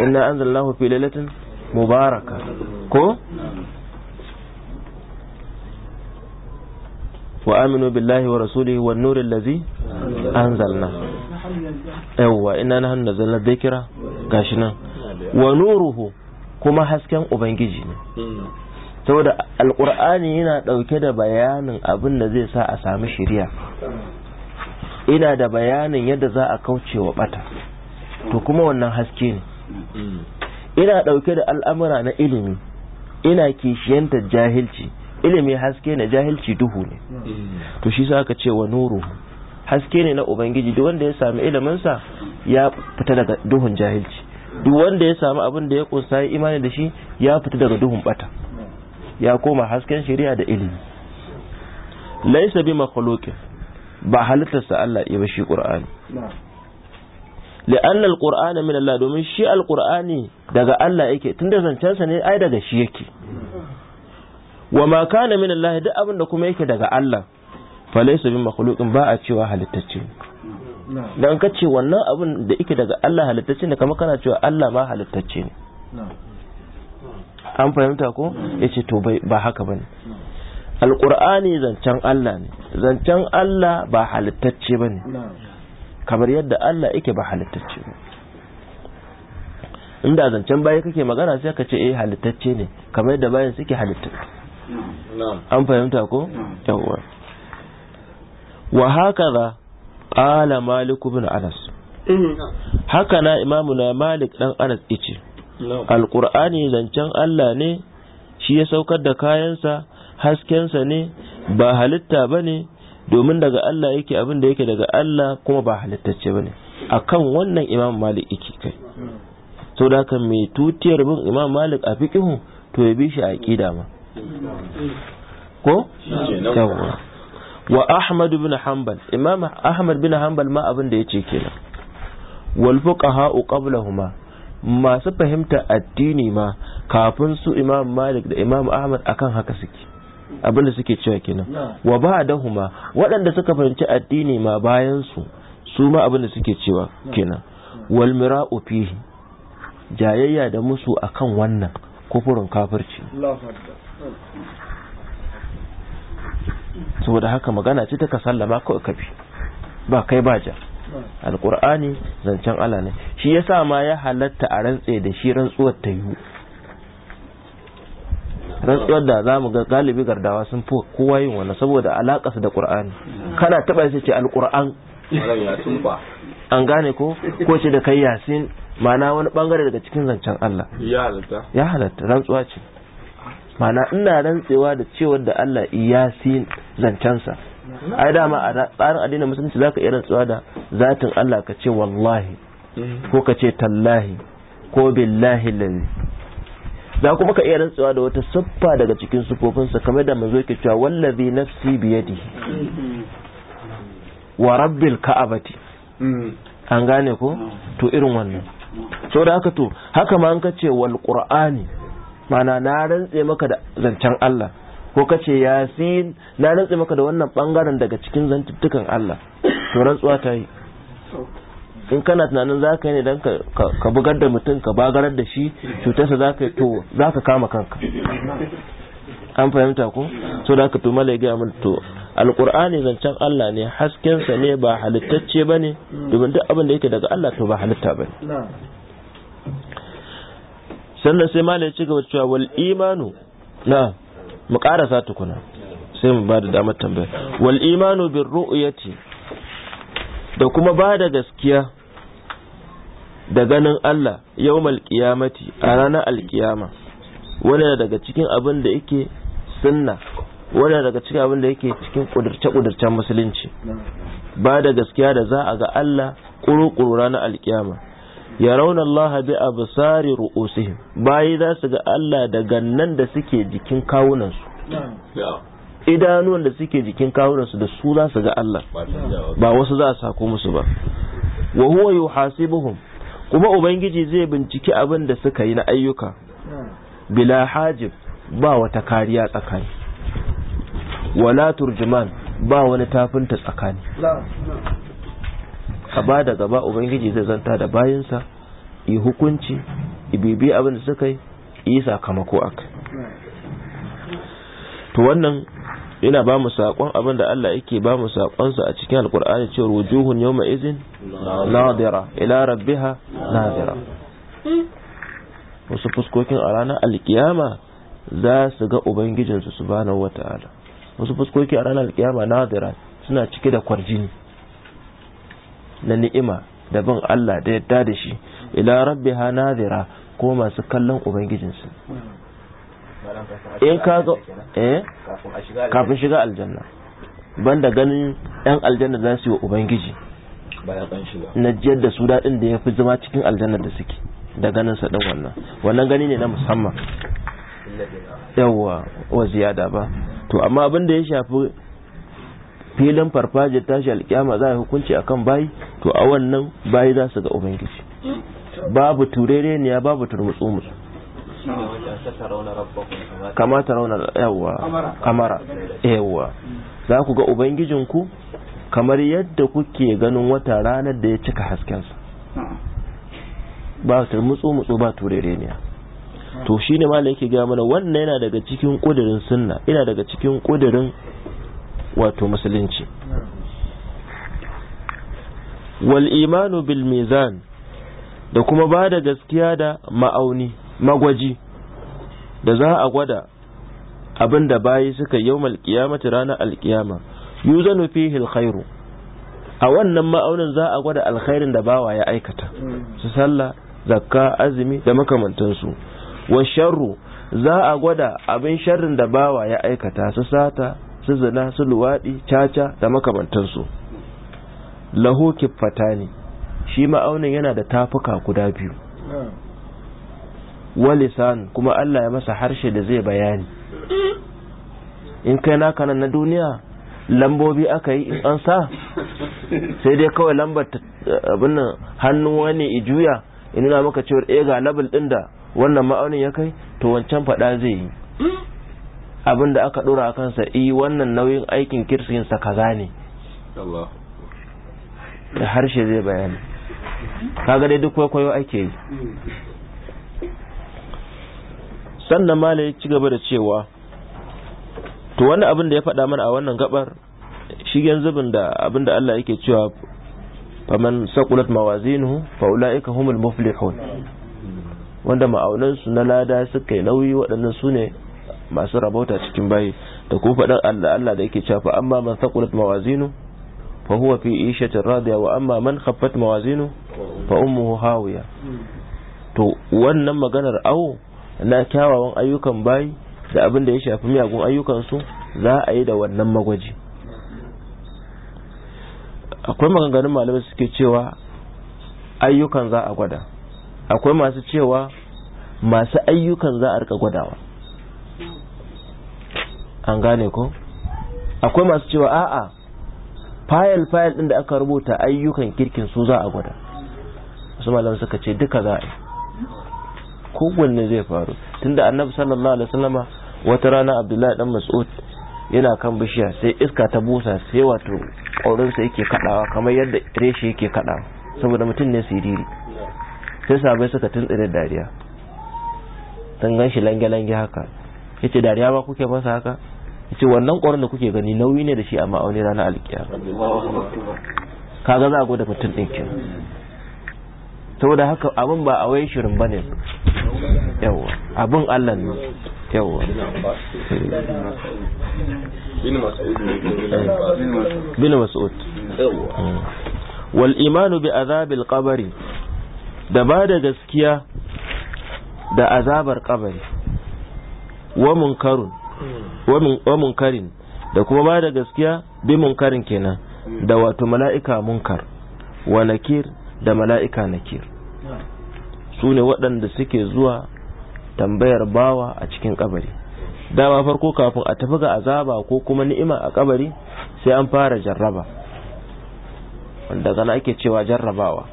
inna anzalnahu fi lailatin mubaraka ko wa aminu billahi wa rasulihi wan nuril ladzi anzalna yawwa ina na hannu dhikra gashi nan wa nuruhu kuma hasken ubangiji ne saboda alqur'ani yana dauke da bayanin abin da zai sa a sami shiriya ina da bayanin yadda za a kauce wa bata to kuma wannan haske ne ina dauke da al'amura na ilimi ina kishiyanta jahilci ilimi haske ne jahilci duhu ne to shi sa aka ce wa nuruhu haske ne na ubangiji duk wanda ya sami iliminsa sa ya fita daga duhun jahilci duk wanda ya sami abin da ya kosa ya imani da shi ya fita daga duhun bata ya koma hasken shari'a da ilimi laisa bi makhluqi ba sa Allah ya ba shi Qur'ani li'anna al min Allah domin shi al daga Allah yake tunda zancensa ne ai daga shi yake wa ma kana min Allah duk abin da kuma yake daga Allah falaisu bin makhluqin ba a cewa halittacce dan ka ce wannan abin da yake daga Allah halittacce ne kamar kana cewa Allah ma halittacce ne an fahimta ko yace to ba haka bane alqur'ani zancan Allah ne zancan Allah ba halittacce bane kamar yadda Allah yake ba halittacce ba inda zancan baya kake magana sai ka ce eh halittacce ne kamar yadda bayan suke halittattu an fahimta ko yawwa wa hakaza qala malik ibn anas eh, haka na imamu na malik dan anas ice alkur'ani zancen Allah ne shi ya saukar da kayansa haskensa ne ba halitta ne domin daga Allah yake abin da yake daga Allah kuma ba halittacce bane akan wannan imam malik yake kai sau da kan mai tutiyar bin imam malik a fiƙihun to ya bi shi a aqida ma eh. ko yawa wa ahmad bin hanbal imam ahmad bin hanbal ma abin da yace kenan wal fuqaha qablahuma masu fahimta addini ma kafin su imam malik da imam ahmad akan haka suke da suke cewa kenan wa ba'dahuma waɗanda suka fahimci addini ma bayan su su ma da suke cewa kenan wal mira'u fihi jayayya da musu akan wannan kufurin kafirci saboda haka magana ce ta ka sallama kawai ka bi ba kai ba ja alkur'ani zancen Allah ne shi sa ma ya halatta a rantse da shi rantsuwar ta yiwu rantsuwar da za mu ga galibi gardawa sun fi kowa yin wani saboda alakarsa da ƙur'ani. kana taba sai ce alkur'an an gane ko ko ce da kai yasin ma'ana wani bangare daga cikin zancen Allah ya halatta ya halatta rantsuwa ce mana ina rantsewa da cewar da Allah yasin zancensa ai dama a tsarin addinin musulunci zaka iya rantsuwa da zatin Allah ka ce wallahi ko ka ce tallahi ko billahi lalli za kuma ka iya rantsuwa da wata siffa daga cikin sufofinsa kamar da manzo yake cewa wallazi nafsi biyadi wa rabbil ka'abati an gane ko to irin wannan so da haka to haka ma an ka ce wal qur'ani mana na rantse maka da zancen Allah ko kace yasin na rantse maka da wannan bangaren daga cikin zantuttukan Allah to rantsuwa ta yi in kana tunanin za ka ne don ka bugar da mutum ka bagarar da shi cutarsa za ka yi to za ka kama kanka an fahimta ko so da ka to mala ya mun to alqur'ani zancen Allah ne haskensa ne ba halittacce bane domin duk abin da yake daga Allah to ba halitta bane sannan sai malam ya ci gaba cewa wal imanu na mu karasa tukuna sai mu ba da damar tambaya wal imanu bin ru'yati da kuma ba da gaskiya da ganin Allah yawmal qiyamati a ranar alkiyama wanda daga cikin abin da yake sunna wanda daga cikin abin da yake cikin kudurce-kudurcen musulunci ba da gaskiya da za a ga Allah kuru-kuru ranar alkiyama ya rauna Allah bi absari ru'usihim bayi za su ga Allah da gannan da suke jikin kawunansu idanuwan da suke jikin kawunansu da su za su ga Allah ba wasu za a sako musu ba wa huwa yuhasibuhum kuma ubangiji zai binciki abin da suka yi na ayyuka bila hajib ba wata kariya tsakani wala turjuman ba wani tafinta tsakani ba da gaba ubangiji zai zanta da bayansa yi hukunci ibibi abin da suka yi yi sakamako aka to wannan yana ba mu saƙon abin da Allah yake ba mu saƙonsa a cikin alkur'ani cewa wujuhun yawma izin nadira ila rabbiha nadira wasu fuskokin a ranar alkiyama za su ga ubangijinsu subhanahu wata'ala wasu fuskoki a ranar alkiyama nadira suna cike da kwarjini na ni'ima da bin Allah da yadda da shi ila ha nazira ko masu kallon ubangijinsu in ka eh kafin shiga aljanna banda ganin yan aljanna za su yi ubangiji na jiyar da su daɗin da ya fi zama cikin aljanna da suke da ganin sa ɗin wannan wannan gani ne na musamman yawa wa ziyada ba to amma abin da ya shafi filin farfajiyar tashi alkiyama za a hukunci akan bayi to a wannan bayi za su ga ubangiji babu turere ne ya babu turmutsu musu kamata raunar yawa kamara yawa za ku ga ubangijinku kamar yadda kuke ganin wata ranar da ya cika haskensa ba turmutsu musu ba turere ne to ne malam yake gaya mana wannan yana daga cikin kudirin sunna yana daga cikin kudirin wato musulunci wal imanu bil mizan da kuma ba da gaskiya da ma'auni magwaji da za a gwada abin da bayi suka yau malkiyamata ranar alkiyama yuzanu fihi alkhairu a wannan ma'aunin za a gwada alkhairin da bawa ya aikata su sallah zakka azumi da makamantansu wa sharru za a gwada abin sharrin da bawa ya aikata su sata su zina su luwaɗi caca da makamantansu lahu ne shi ma'aunin yana da tafuka guda biyu hmm. walisan kuma Allah ya masa harshe da zai bayani in kai naka nan na duniya lambobi aka yi in an sa sai dai kawai lambar abin hannu wani ijuya in nuna maka cewar ega eh, ga label din da wannan ma'aunin ya kai to wancan faɗa zai yi hmm. abin da aka dora a kansa i wannan nauyin aikin kirsinsa kaza ne da harshe zai bayani kaga dai duk kwaikwayo ake yi sannan mala ci gaba da cewa to wani abin da ya faɗa mana a wannan gabar shigen zubin da abin da Allah yake cewa faman saqulat mawazinuhu fa ulaika humul muflihun wanda ma'aunansu na lada suka yi nauyi waɗannan su ne masu rabauta cikin bayi da ku faɗin Allah Allah da yake cafa amma man saqulat mawazinu fa huwa fi ishatin radiya wa amma man khaffat mawazinu fa ummuhu hawiya to wannan maganar awo na kyawawan ayyukan bayi da abin da ya shafi miyagun ayyukan su za a yi da wannan magwaji akwai maganganun malamai suke cewa ayyukan za a gwada akwai masu cewa masu ayyukan za a rika gwadawa an gane ko akwai masu cewa a'a fayil fayil ɗin da aka rubuta ayyukan kirkin su za a gwada su malam suka ce duka za a yi zai faru tunda annabi sallallahu alaihi wasallama wata rana abdullahi dan mas'ud yana kan bishiya sai iska ta busa sai wato sa yake kaɗawa kamar yadda reshe yake kaɗawa saboda mutum ne siriri sai sabai suka tuntsire dariya dan ganshi lange-lange haka yace dariya ba kuke masa haka ce wannan ƙwaron da kuke gani nauyi ne da shi a ma'auni alƙiya. Ka kaga za a gwada mutum ɗinkin? To saboda haka abin ba a wai shirin ba ne yawa abin allah ne yawa bin mas'ud wal imanu bi azabil kabari, da ba da gaskiya da azabar kabari wa munkarun wa munkarin da kuma ba da gaskiya bi munkarin kenan da wato mala'ika munkar wa nakir da mala'ika nakir su ne waɗanda suke zuwa tambayar bawa a cikin kabari dama farko kafin a tafi ga azaba ko kuma ni'ima a kabari sai an fara jarraba wanda gana ake cewa jarrabawa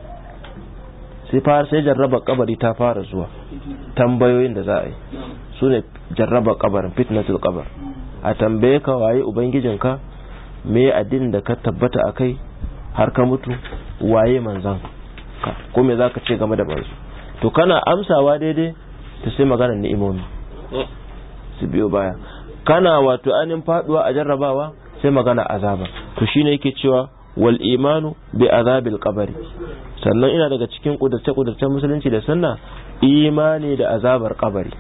sai fara sai jarraba kabari ta fara zuwa tambayoyin da za a yi su ne jarraba kabarin fitnatul kabar a tambaye ka waye ubangijinka me addinin da ka tabbata a kai har ka mutu waye manzan ka ko me za ka ce game da manzo to kana amsawa daidai ta sai maganar ni'imomi su biyo baya kana wato anin faduwa a jarrabawa sai magana azaba to shine yake cewa wal imanu bi azabil qabr sannan ina daga cikin kudurce kudacen musulunci da sunna imani da azabar kabari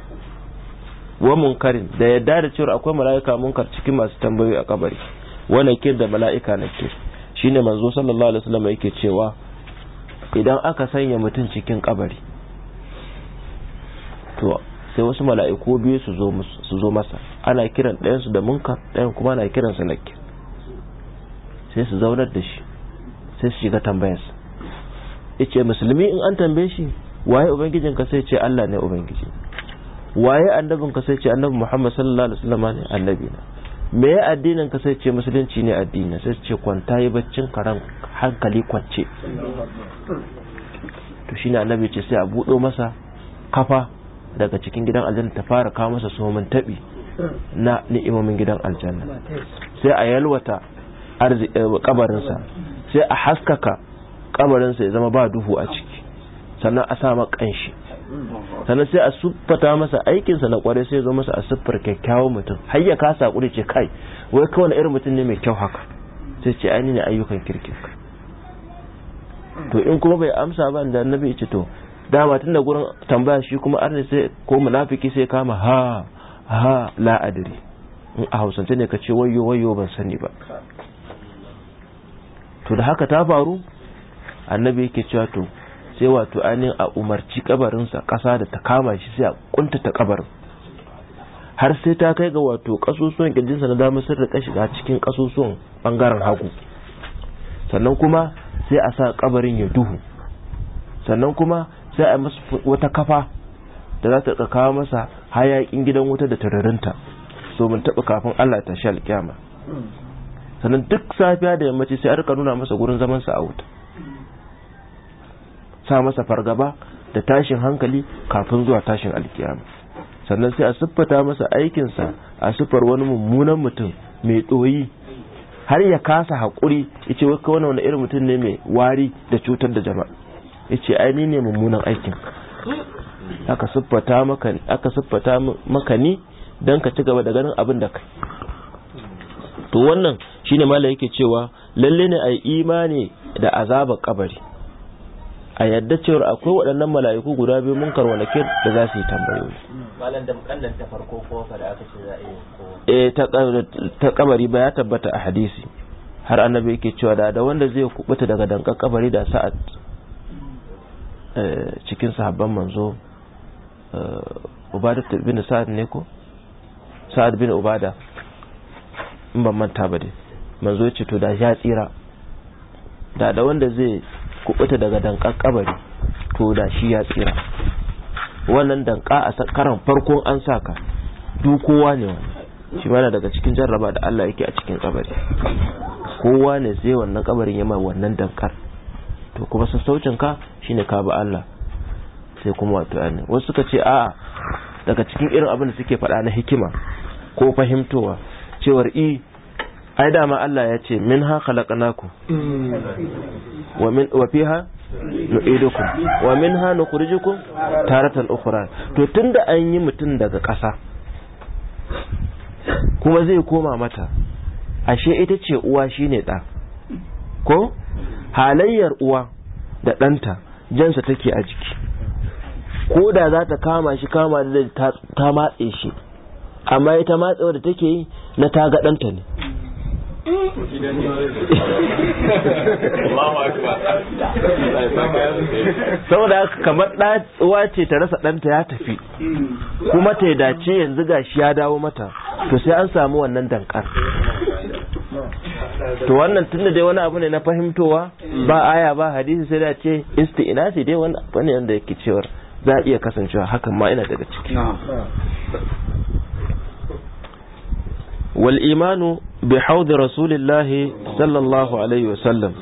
wa munkarin da yadda da cewa akwai mala'ika munkar cikin masu tambayoyi a kabari wanda ke da mala'ika na ke shine manzo sallallahu alaihi wasallam yake cewa idan aka sanya mutum cikin kabari to sai wasu mala'iku biyu su zo su zo masa ana kiran ɗayan su da munkar ɗayan kuma ana kiran su nakir sai su zaunar da shi sai su shiga tambayarsa yace musulmi in an tambaye shi waye ubangijinka sai ce Allah ne ubangiji waye annabin ka sai ce annabi Muhammad sallallahu alaihi wasallam ne annabi na me ya addinin ka sai ce musulunci ne addini sai ce kwanta yi baccin karan hankali kwance to shine annabi ce sai a budo masa kafa daga cikin gidan aljanna ta fara kawo masa somin tabi na ni'imomin gidan aljanna sai a yalwata eh, kabarinsa sai a haskaka kabarinsa ya zama ba duhu a ciki sannan a sa kanshi sannan sai a siffata masa aikinsa na kwarai sai zo masa a siffar kyakkyawan mutum har ya kasa kuri ce kai wai kawai na irin mutum ne mai kyau haka sai ce ainihin ayyukan kirkin to in kuma bai amsa ba da annabi ya ce to dama tun da gurin tambaya shi kuma arni sai ko munafiki sai kama ha ha la a hausance ne ka ce wayo wayo ban sani ba to da haka ta faru annabi yake cewa to sai wato ainihin a umarci kabarinsa ƙasa da ta kama shi sai a kuntata kabarin har sai ta kai ga wato ƙasusuwan ƙirjinsa na dama sun riƙa shiga cikin ƙasusuwan ɓangaren hagu sannan kuma sai a sa kabarin ya duhu sannan kuma sai a masa wata kafa da za ta riƙa kawo masa hayaƙin gidan wuta da tararinta domin taɓa kafin Allah ta shi alƙyama sannan duk safiya da yammaci sai a rika nuna masa gurin zamansa a wuta sa masa fargaba da tashin hankali kafin zuwa tashin alkiyama sannan sai a siffata masa aikinsa a siffar wani mummunan mutum mai ɗoyi har ya kasa haƙuri ya ce waka wani irin mutum ne mai wari da cutar da jama'a ya ce ai ni ne mummunan aikin aka siffata maka ni don ka ci gaba da ganin abin da kai to wannan shine mala yake cewa lalle ne ai imani da azabar kabari a yadda cewar akwai waɗannan mala'iku guda biyu mun wa nakir da za su yi tambayoyi malam da mukallan ta farko ko fa da aka ce za a yi ko eh ta kabari ba ya tabbata a hadisi har annabi yake cewa da da wanda zai kubuta daga dankan kabari da sa'ad eh, cikin sahabban manzo eh, ubada bin sa'ad ne ko sa'ad bin ubada in ban manta ba dai manzo ya ce to da ya tsira da da wanda zai kubuta daga dankan kabari to da shi ya tsira wannan danka a karan farkon an saka dukowa ne wani shi mana daga cikin jarraba da Allah yake a cikin kabari kowa ne sai wannan kabarin ya mai wannan dankar to kuma sassaucin ka shine ka ba Allah sai kuma wato ne wasu suka ce a'a daga cikin irin abin da suke faɗa na hikima ko fahimtowa cewar i ai dama Allah ya ce min ha khalaqnakum wa min wa fiha nu'idukum wa min ha nukhrijukum taratan ukhra to tunda an yi mutum daga ƙasa kuma zai koma mata ashe ita ce uwa shine da ko halayyar uwa da ɗanta jansa take a jiki ko da za ta kama shi kama da ta matse shi amma ita matsewa da take yi na ta ga ɗanta ne saboda haka kamar ɗa ce ta rasa ɗanta ya tafi kuma ta yi dace yanzu ga shi ya dawo mata to sai an samu wannan dankar to wannan tunda dai wani abu ne na fahimtowa ba aya ba hadisi sai da ce sai dai wani abu ne wanda yake cewar za a iya kasancewa hakan ma ina daga ciki wal imanu bi haudi rasulillahi sallallahu alaihi wasallam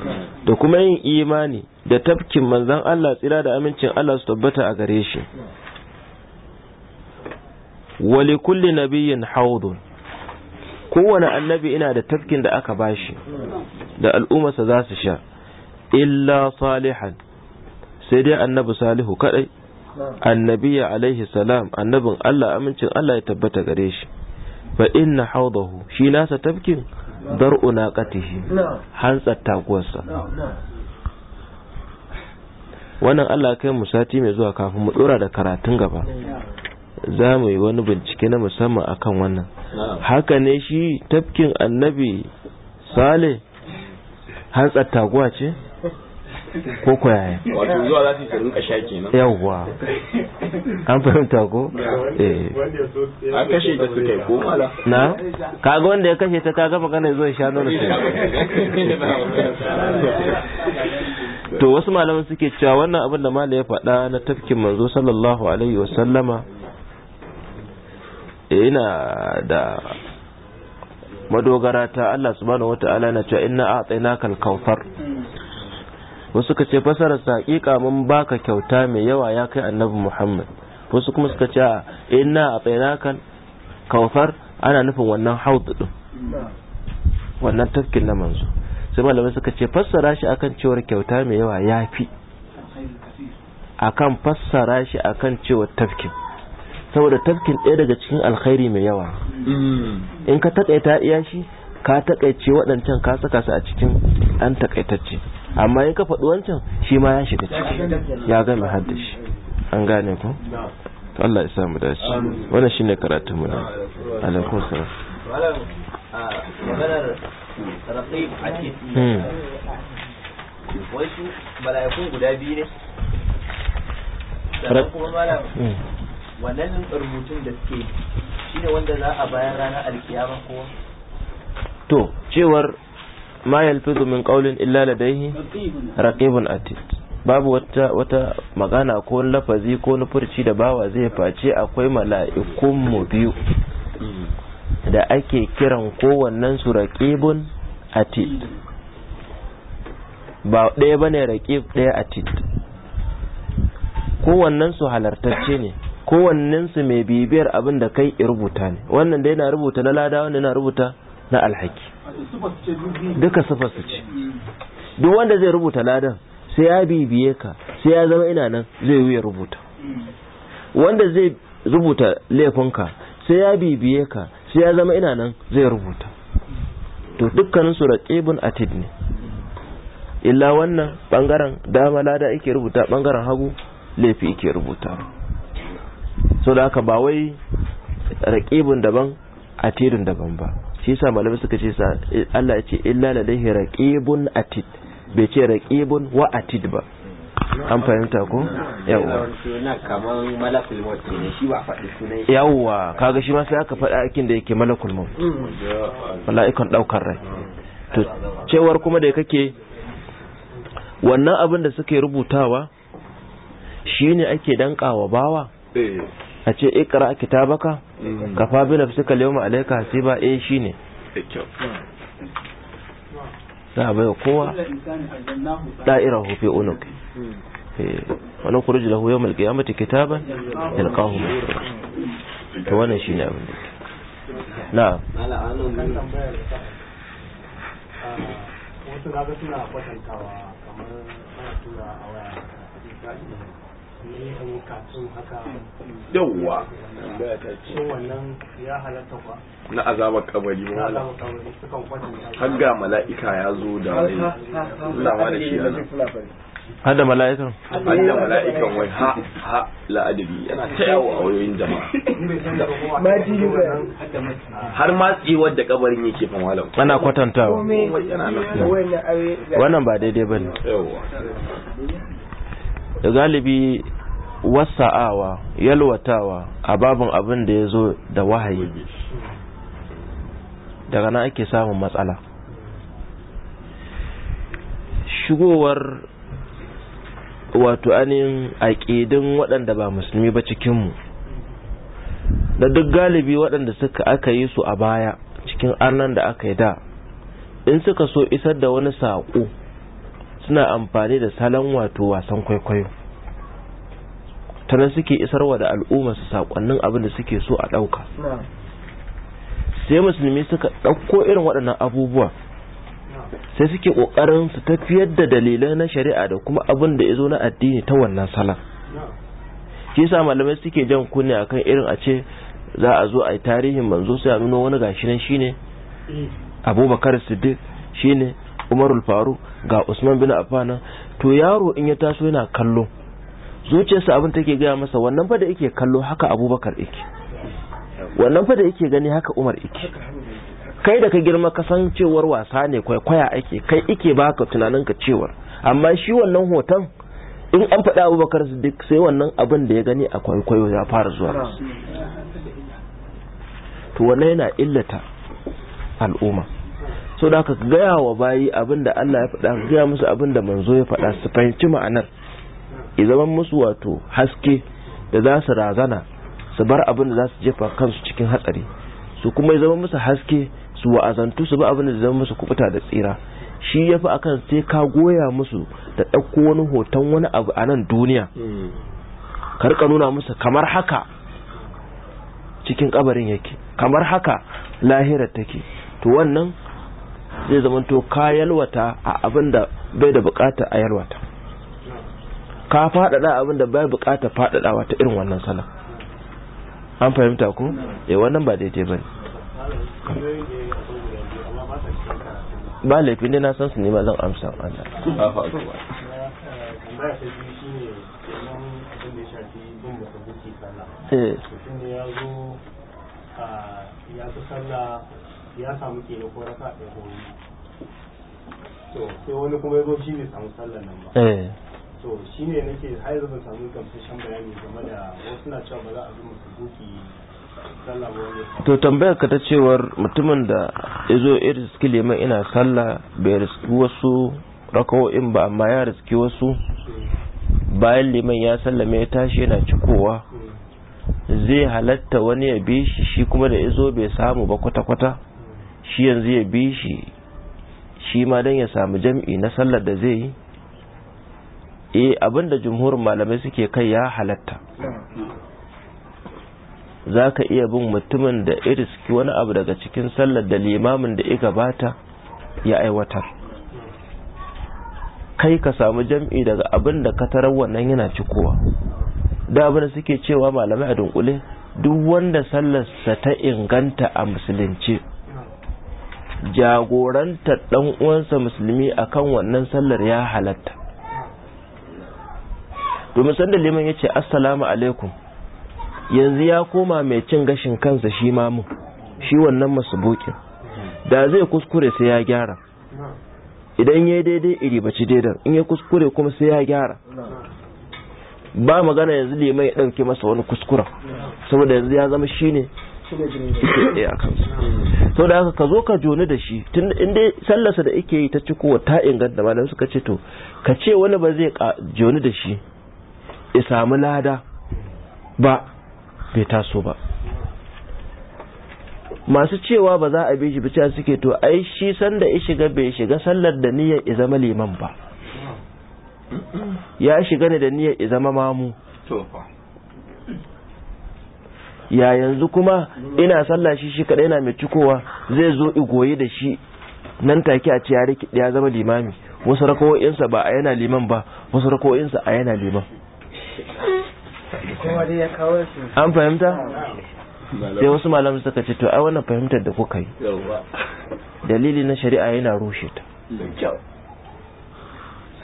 da kuma yin imani da tafkin manzan Allah tsira da amincin Allah su tabbata a gare shi wali kulli nabiyin haudun kowane annabi ina da tafkin da aka bashi da al'ummarsa za su sha illa salihan sai dai annabi salihu kadai annabiya alaihi salam annabin Allah amincin Allah ya tabbata gare shi fa inna haudahu shi nasa tafkin dar'u naqatihi hantsar taguwarsa wannan Allah kai mu sati mai zuwa kafin mu dora da karatun gaba za mu yi wani bincike na musamman akan wannan haka ne shi tafkin annabi sale hantsar taguwa ce ko ko yaya wato zuwa za su yi karin kasha kenan yawwa an fahimta ko eh an kashe ta suka yi ko mala na kaga wanda ya kashe ta kaga magana zo ya sha nono sai to wasu malaman suke cewa wannan abin da mala ya faɗa na tafkin manzo sallallahu alaihi wa sallama ina eh, da madogara ta Allah subhanahu wataala na cewa inna a'tainaka al-kawthar wasu ka ce fasara saƙiƙa hakika mun baka kyauta mai yawa ya kai annabi muhammad wasu kuma suka ce a ina a tsainakan kawfar ana nufin wannan hau din wannan tafkin na manzo sai malamai suka ce fassara shi akan cewar kyauta mai yawa ya fi akan fassara shi akan cewa tafkin saboda tafkin ɗaya daga cikin alkhairi mai yawa in ka taƙaita iya shi ka taƙaice waɗancan ka saka su a cikin an taƙaitacce amma in ka faɗi wancan shi ma ya shiga ciki ya gama haddashi an gane ku Allah ya mu dace wannan shine karatun mu na alaikun salam ah, maganar raqib atid hmm. wasu mala'ikun guda biyu ne sannan kuma malam hmm. wannan rubutun da suke Shi ne wanda za a bayan ranar alkiyama ko to cewar ma yalfizu min qawlin illa ladayhi raqibun atid babu wata wata magana ko lafazi ko nufurci da bawa zai face akwai mala'ikun mu biyu da ake kiran kowannen su raqibun atid ba ɗaya bane raqib ɗaya atid kowannen su halartacce ne kowannen su mai bibiyar abin da kai rubuta ne wannan dai na rubuta na lada wannan na rubuta na alhaki duka sifar su ce duk wanda zai rubuta ladan sai ya bibiye ka sai ya zama ina nan zai yi rubuta wanda zai rubuta laifinka sai ya bibiye ka sai ya zama ina nan zai rubuta to dukkanin su raqibun atid ne illa wannan bangaren dama lada ake rubuta bangaren hagu laifi ake rubuta so da haka ba wai raqibun daban atidun daban ba shi sa malamai suka ce sa Allah ya ce illa ladaihi raqibun atid bai ce raqibun wa atid ba an fahimta ko yawa yawa kaga shi ma sai aka faɗa akin da yake malakul maut mala'ikan daukar rai to cewar kuma da kake wannan abin da suke rubutawa shine ake dankawa bawa eh. a ce ikra kitabaka Mm. kafa bi nafsika al-yawma alayka hasiba eh shine za bai kowa da'irahu fi unuki mm. eh, wa nukhruj lahu yawm al kitaban yalqahu to wannan shine abin da na'am ah, wasu suna kwatantawa kamar ana tura a waya yawwa na azabar kabari ma wala har ga mala'ika ya zo da wani lawa da shi yana har da mala'ikan har da mala'ikan wai ha ha la'adabi yana ta yawo a wayoyin jama'a har matsi wadda kabarin yake fa malam ana kwatantawa wannan ba daidai bane ne. da galibi wasa'awa yalwatawa a babin abin da ya zo da wahayi daga na ake samun matsala shigowar wato anin aƙidin waɗanda ba musulmi ba cikinmu da duk galibi waɗanda suka aka yi su a baya cikin annan da aka yi da in suka so isar da wani saƙo suna amfani da salon wato wasan kwaikwayo ta suke isarwa da al'umma su sakonnin abin da suke so a ɗauka sai musulmi suka ɗauko irin waɗannan abubuwa sai suke ƙoƙarin su tafiyar da dalilai na shari'a da kuma abin da ya zo na addini ta wannan salon shi sa malamai suke jan kunne akan irin a ce za a zo a yi tarihin manzo sai a nuna wani gashi nan shine eh. abubakar siddiq shine umarul faru ga usman bin Afana, to yaro in ya taso yana kallo zuciyarsa abin take gaya masa wannan fa da yake kallo haka abubakar yake wannan fa da yake gani haka umar yake kai da ka girma ka san cewar wasa ne kwaikwaya ake kai ike baka tunanin ka cewa, amma shi wannan hoton in an faɗa abubakar siddiq sai wannan abin da ya gani a kwaikwayo ya fara zuwa masu to wannan yana illata al'umma so da ka gaya wa bayi abin da Allah ya faɗa ka gaya musu abin da manzo ya faɗa su fahimci ma'anar i zaman musu wato haske da za su razana su bar abin da za su jefa kansu cikin hatsari su kuma ya zama musu haske su wa'azantu su ba abin da zama musu kubuta da tsira shi ya fi akan sai ka goya musu da ɗauko wani hoton wani abu a nan duniya kar ka nuna musu kamar haka cikin kabarin yake kamar haka lahirar take to wannan zai zamanto ka yalwata a abin da bai da bukata a yalwata ka faɗaɗa abin da bai bukata faɗaɗawa ta irin wannan sana an fahimta ku eh wannan ba daidai bane ba laifi ne na san su ne ba zan amsa Allah eh. ya shafi bin ya zo ah, ya fi sallah ya samu kenan ko raka ɗaya ko to sai wani kuma ya zo shi ne samu sallan nan ba eh. to shi ne nake har yanzu ban samu gamsashen bayani game da wasu na cewa ba za a zo musu duki to tambayar ka ta cewar mutumin da ya zo ya riski liman ina sallah bai riski wasu rakawo'in ba amma ya riski wasu hmm. bayan liman ya sallame ya tashi yana cikowa hmm. zai halatta wani ya bi shi shi kuma da ya zo bai samu ba kwata-kwata shi yanzu ya bi shi shi ma don ya samu jam'i na sallar da zai yi e eh, abinda jumhurin malamai suke kai ya halatta za ka iya bin mutumin da iriski wani abu daga cikin sallar da limamin da iga bata ya aiwata. kai ka samu jam'i daga abin da ka tarar wannan yana cikowa da abin da suke cewa malamai a dunkule duk wanda sallarsa ta inganta a musulunci Jagoranta dan uwansa musulmi akan wannan sallar ya halatta domin sanda liman ya ce assalamu alaikum yanzu ya koma mai cin gashin kansa shi mamu shi wannan masubukin da zai kuskure sai ya gyara idan ya daidai iri baci daidan in ya kuskure kuma sai ya gyara ba magana yanzu liman ya ɗauki masa wani kuskura saboda yanzu ya zama shine so da haka ka zo ka joni da shi tun inda sallarsa da ake yi ta ci kowa ta inganta malam suka ce to ka ce wani ba zai joni da shi ya samu lada ba bai taso ba masu cewa ba za a bi shi bica suke to ai shi sanda ya shiga bai shiga sallar da niyyar ya zama liman ba ya shiga ne da niyyar ya zama mamu ya yanzu kuma ina sallah shi shi kadai na mai cikowa zai zo igoyi da shi nan take a ce ya zama limami wasu rako'insa ba a yana liman ba wasu rako'insa a yana liman an fahimta sai wasu malamu suka ce to ai wannan fahimtar da kuka yi dalili na shari'a yana rushe ta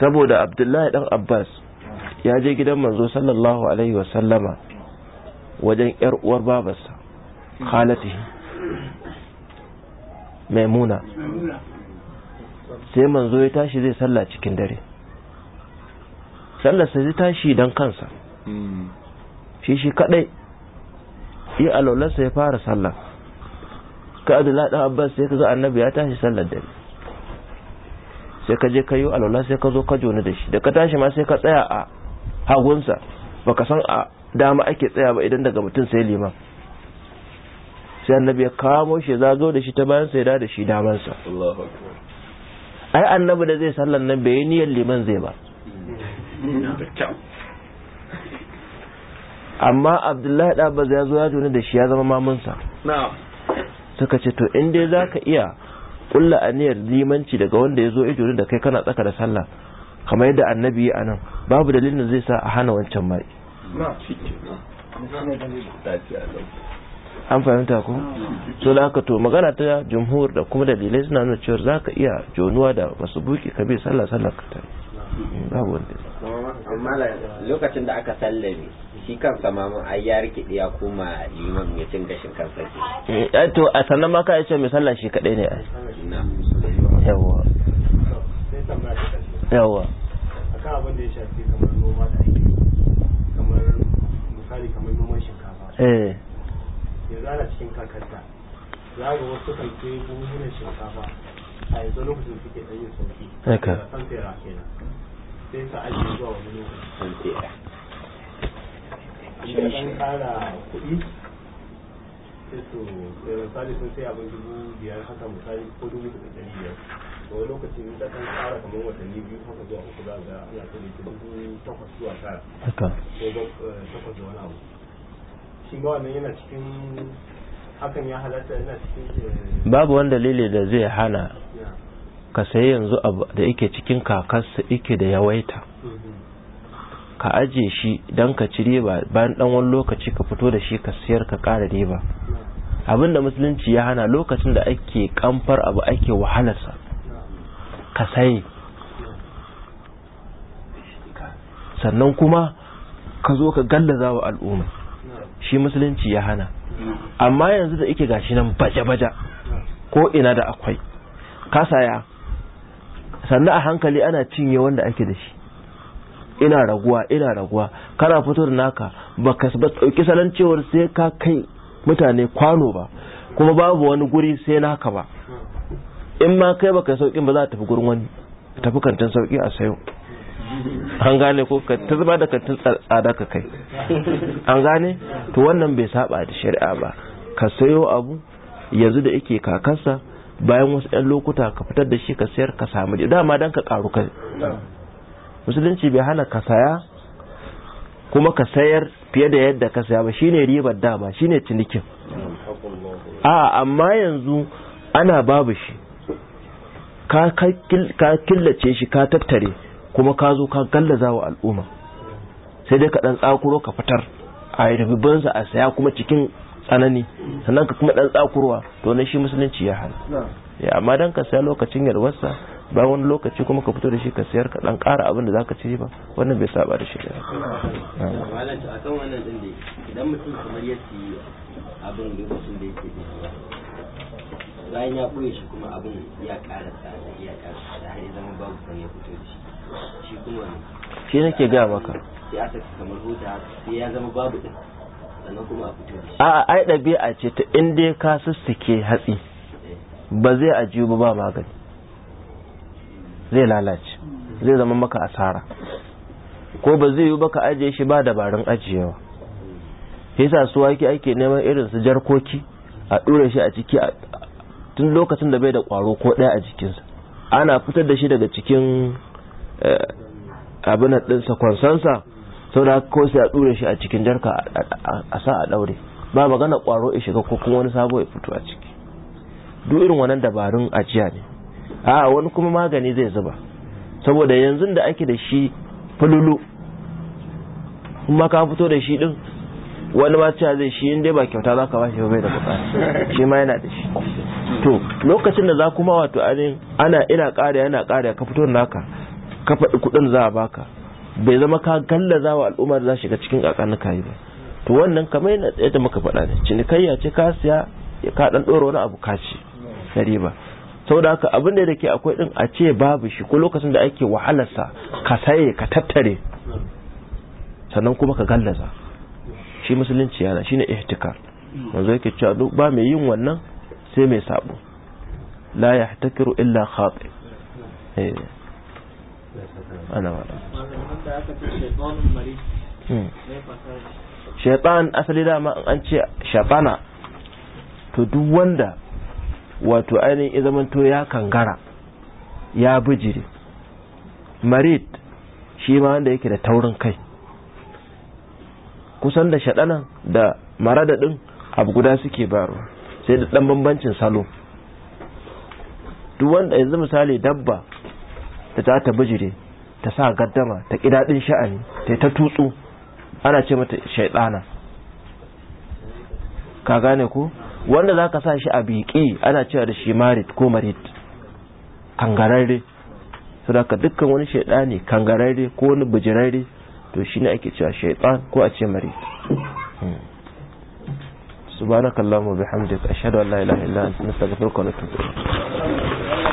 saboda abdullahi dan abbas ya je gidan manzo sallallahu alaihi wasallama wajen yar uwar babarsa khalatihi maimuna sai manzo ya tashi zai salla cikin dare sallarsa sai tashi don kansa shi shi kadai yi alaularsa ya fara sallah ka adula ɗan abbas sai ka zo annabi ya tashi sallar dare sai ka je ka yi alaular sai ka zo ka joni da shi da ka tashi ma sai ka tsaya a hagunsa baka san a dama ake tsaya ba idan daga mutum sai liman sai annabi ya kamo shi zago da shi ta bayan sai da da shi damansa ai annabi da zai sallan nan bai niyyar liman zai ba amma abdullahi da ba ya zo ya tuni da shi ya zama mamunsa suka ce to in dai za ka iya kulla aniyar limanci daga wanda ya zo ya tuni da kai kana tsaka da sallah kamar yadda annabi ya anan babu dalilin zai sa a hana wancan mai an fahimta ko so da haka to magana ta jumhur da kuma dalilai suna nuna cewa za ka iya jonuwa da masu buki ka bi sallah sallah ka ta babu wanda amma lokacin da aka sallame shi kansa ma mun ai ya kuma liman ya cin gashin kansa ke eh to a sannan ma ka ce mai sallah shi kadai ne ai yawa yawa akan abin da ya shafi kamar eh yanzu ana cikin kakarta za ga wasu kan ke buhunan shinkafa a yanzu lokacin suke ɗan yin sauki haka santera kenan sai sa ake zuwa wani lokacin santera shi ɗan ƙara kuɗi sai su eh, misali sun sai abin dubu biyar haka misali ko dubu da ɗari biyar to wani lokaci in ɗan ƙara kamar watanni biyu haka zuwa uku za ga ana kuɗi dubu takwas zuwa tara haka ko eh, takwas da wani abu Eh, babu wani dalili da zai hana ka sayi yanzu abu da yake cikin kakarsa yake da yawaita mm-hmm. ka aje shi don ka ci riba bayan dan wani lokaci ka fito da shi ka siyar ka kara riba abin da musulunci ya hana lokacin da ake kamfar abu ake wahalarsa ka sai. sannan kuma ka zo ka gallaza wa al'umma shi musulunci ya hana amma yanzu da ike gashi nan baje-baje ko ina da akwai kasaya sannan a hankali ana cinye wanda ake da shi ina raguwa ina raguwa kana fito da naka ba ka salon cewar sai ka kai mutane kwano ba kuma babu wani guri sai naka ba in ma kai baka sauƙin ba za a tafi gurin wani tafi kantin sauƙi a sayo an gane ko ka ta da ka tsada ka kai an gane to wannan bai saba da shari'a ba ka sayo abu yanzu da yake kakarsa bayan wasu 'yan lokuta ka fitar da shi ka sayar ka samu dama dan ka karu kai musulunci bai hana ka saya kuma ka sayar fiye da yadda ka saya ba shine ribar dama shine cinikin a amma yanzu ana babu shi ka killace shi ka tattare kuma ka zo ka gallaza wa al'umma sai dai ka dan tsakuro ka fitar a yi rububinsa a saya kuma cikin tsanani sannan ka kuma dan tsakurwa to na shi musulunci ya hana ya amma dan ka saya lokacin yarwarsa ba wani lokaci kuma ka fito da shi ka sayar ka dan ƙara abin da zaka ci ba wannan bai saba da shi da akan wannan din idan mutum kamar da yake da bayan ya koye shi kuma abin ya ƙara tsada ya ƙara tsada har zama babu kan ya fito da shi shi nake ga maka a ai ɗabi'a ce ta inda ya ka suke hatsi ba zai ajiyu ba ba magani zai lalace zai zama maka asara ko ba zai yi ba ka ajiye shi ba dabarun ajiyewa yasa su wake ake neman irin su jarkoki a ɗure shi a ciki tun lokacin da bai da ƙwaro ko ɗaya a jikinsa ana fitar da shi daga cikin Eh, abin ɗinsa kwansansa sau da ko sai a ɗure shi a cikin jarka a sa a ɗaure ba magana ƙwaro ya shiga ko kuma wani sabo ya fito a ciki duk irin wannan dabarun ajiya ne a wani kuma magani zai zuba saboda yanzu da ake da shi fululu kuma ka fito da shi din wani ma cewa zai shi in dai ba kyauta za ka ba shi bai da bukata shi ma yana da shi to lokacin da za kuma wato ana ina ƙara yana ƙara ka fito da naka ka faɗi kuɗin za a baka bai zama ka gallaza wa al'umma da za shiga cikin ka yi ba to wannan kamar yana yadda muka faɗa ne cinikayya ce ka siya ka ɗan ɗora wani abu ka ci ba riba da haka abin da ke akwai ɗin a ce babu shi ko lokacin da ake wahalarsa ka saye ka tattare sannan kuma ka gallaza shi musulunci yana shi ne ihtikar manzo yake cewa duk ba mai yin wannan sai mai sabo la yahtakiru illa khatib eh. ana wada hmm. shaitan asali dama an ce shafana to duk wanda wato ainihin ya zamanto ya kangara ya bijire marid shi ma wanda yake da taurin kai kusan da shaɗanan da maradadin abu guda suke baro sai da ɗan bambancin salo duk wanda yanzu misali dabba da ta ta bijire ta sa gaddama ta kidadin sha'ani ta ta tutsu ana ce mata shaidana ka gane ko wanda za ka sa shi a biki ana cewa da shi marit ko marit kangararre su da dukkan wani shaidani kangararre ko wani bijirarre to shi ne ake cewa shaitan ko a ce marit hmm. subhanakallahumma bihamdika ashhadu an la ilaha illa anta astaghfiruka wa atubu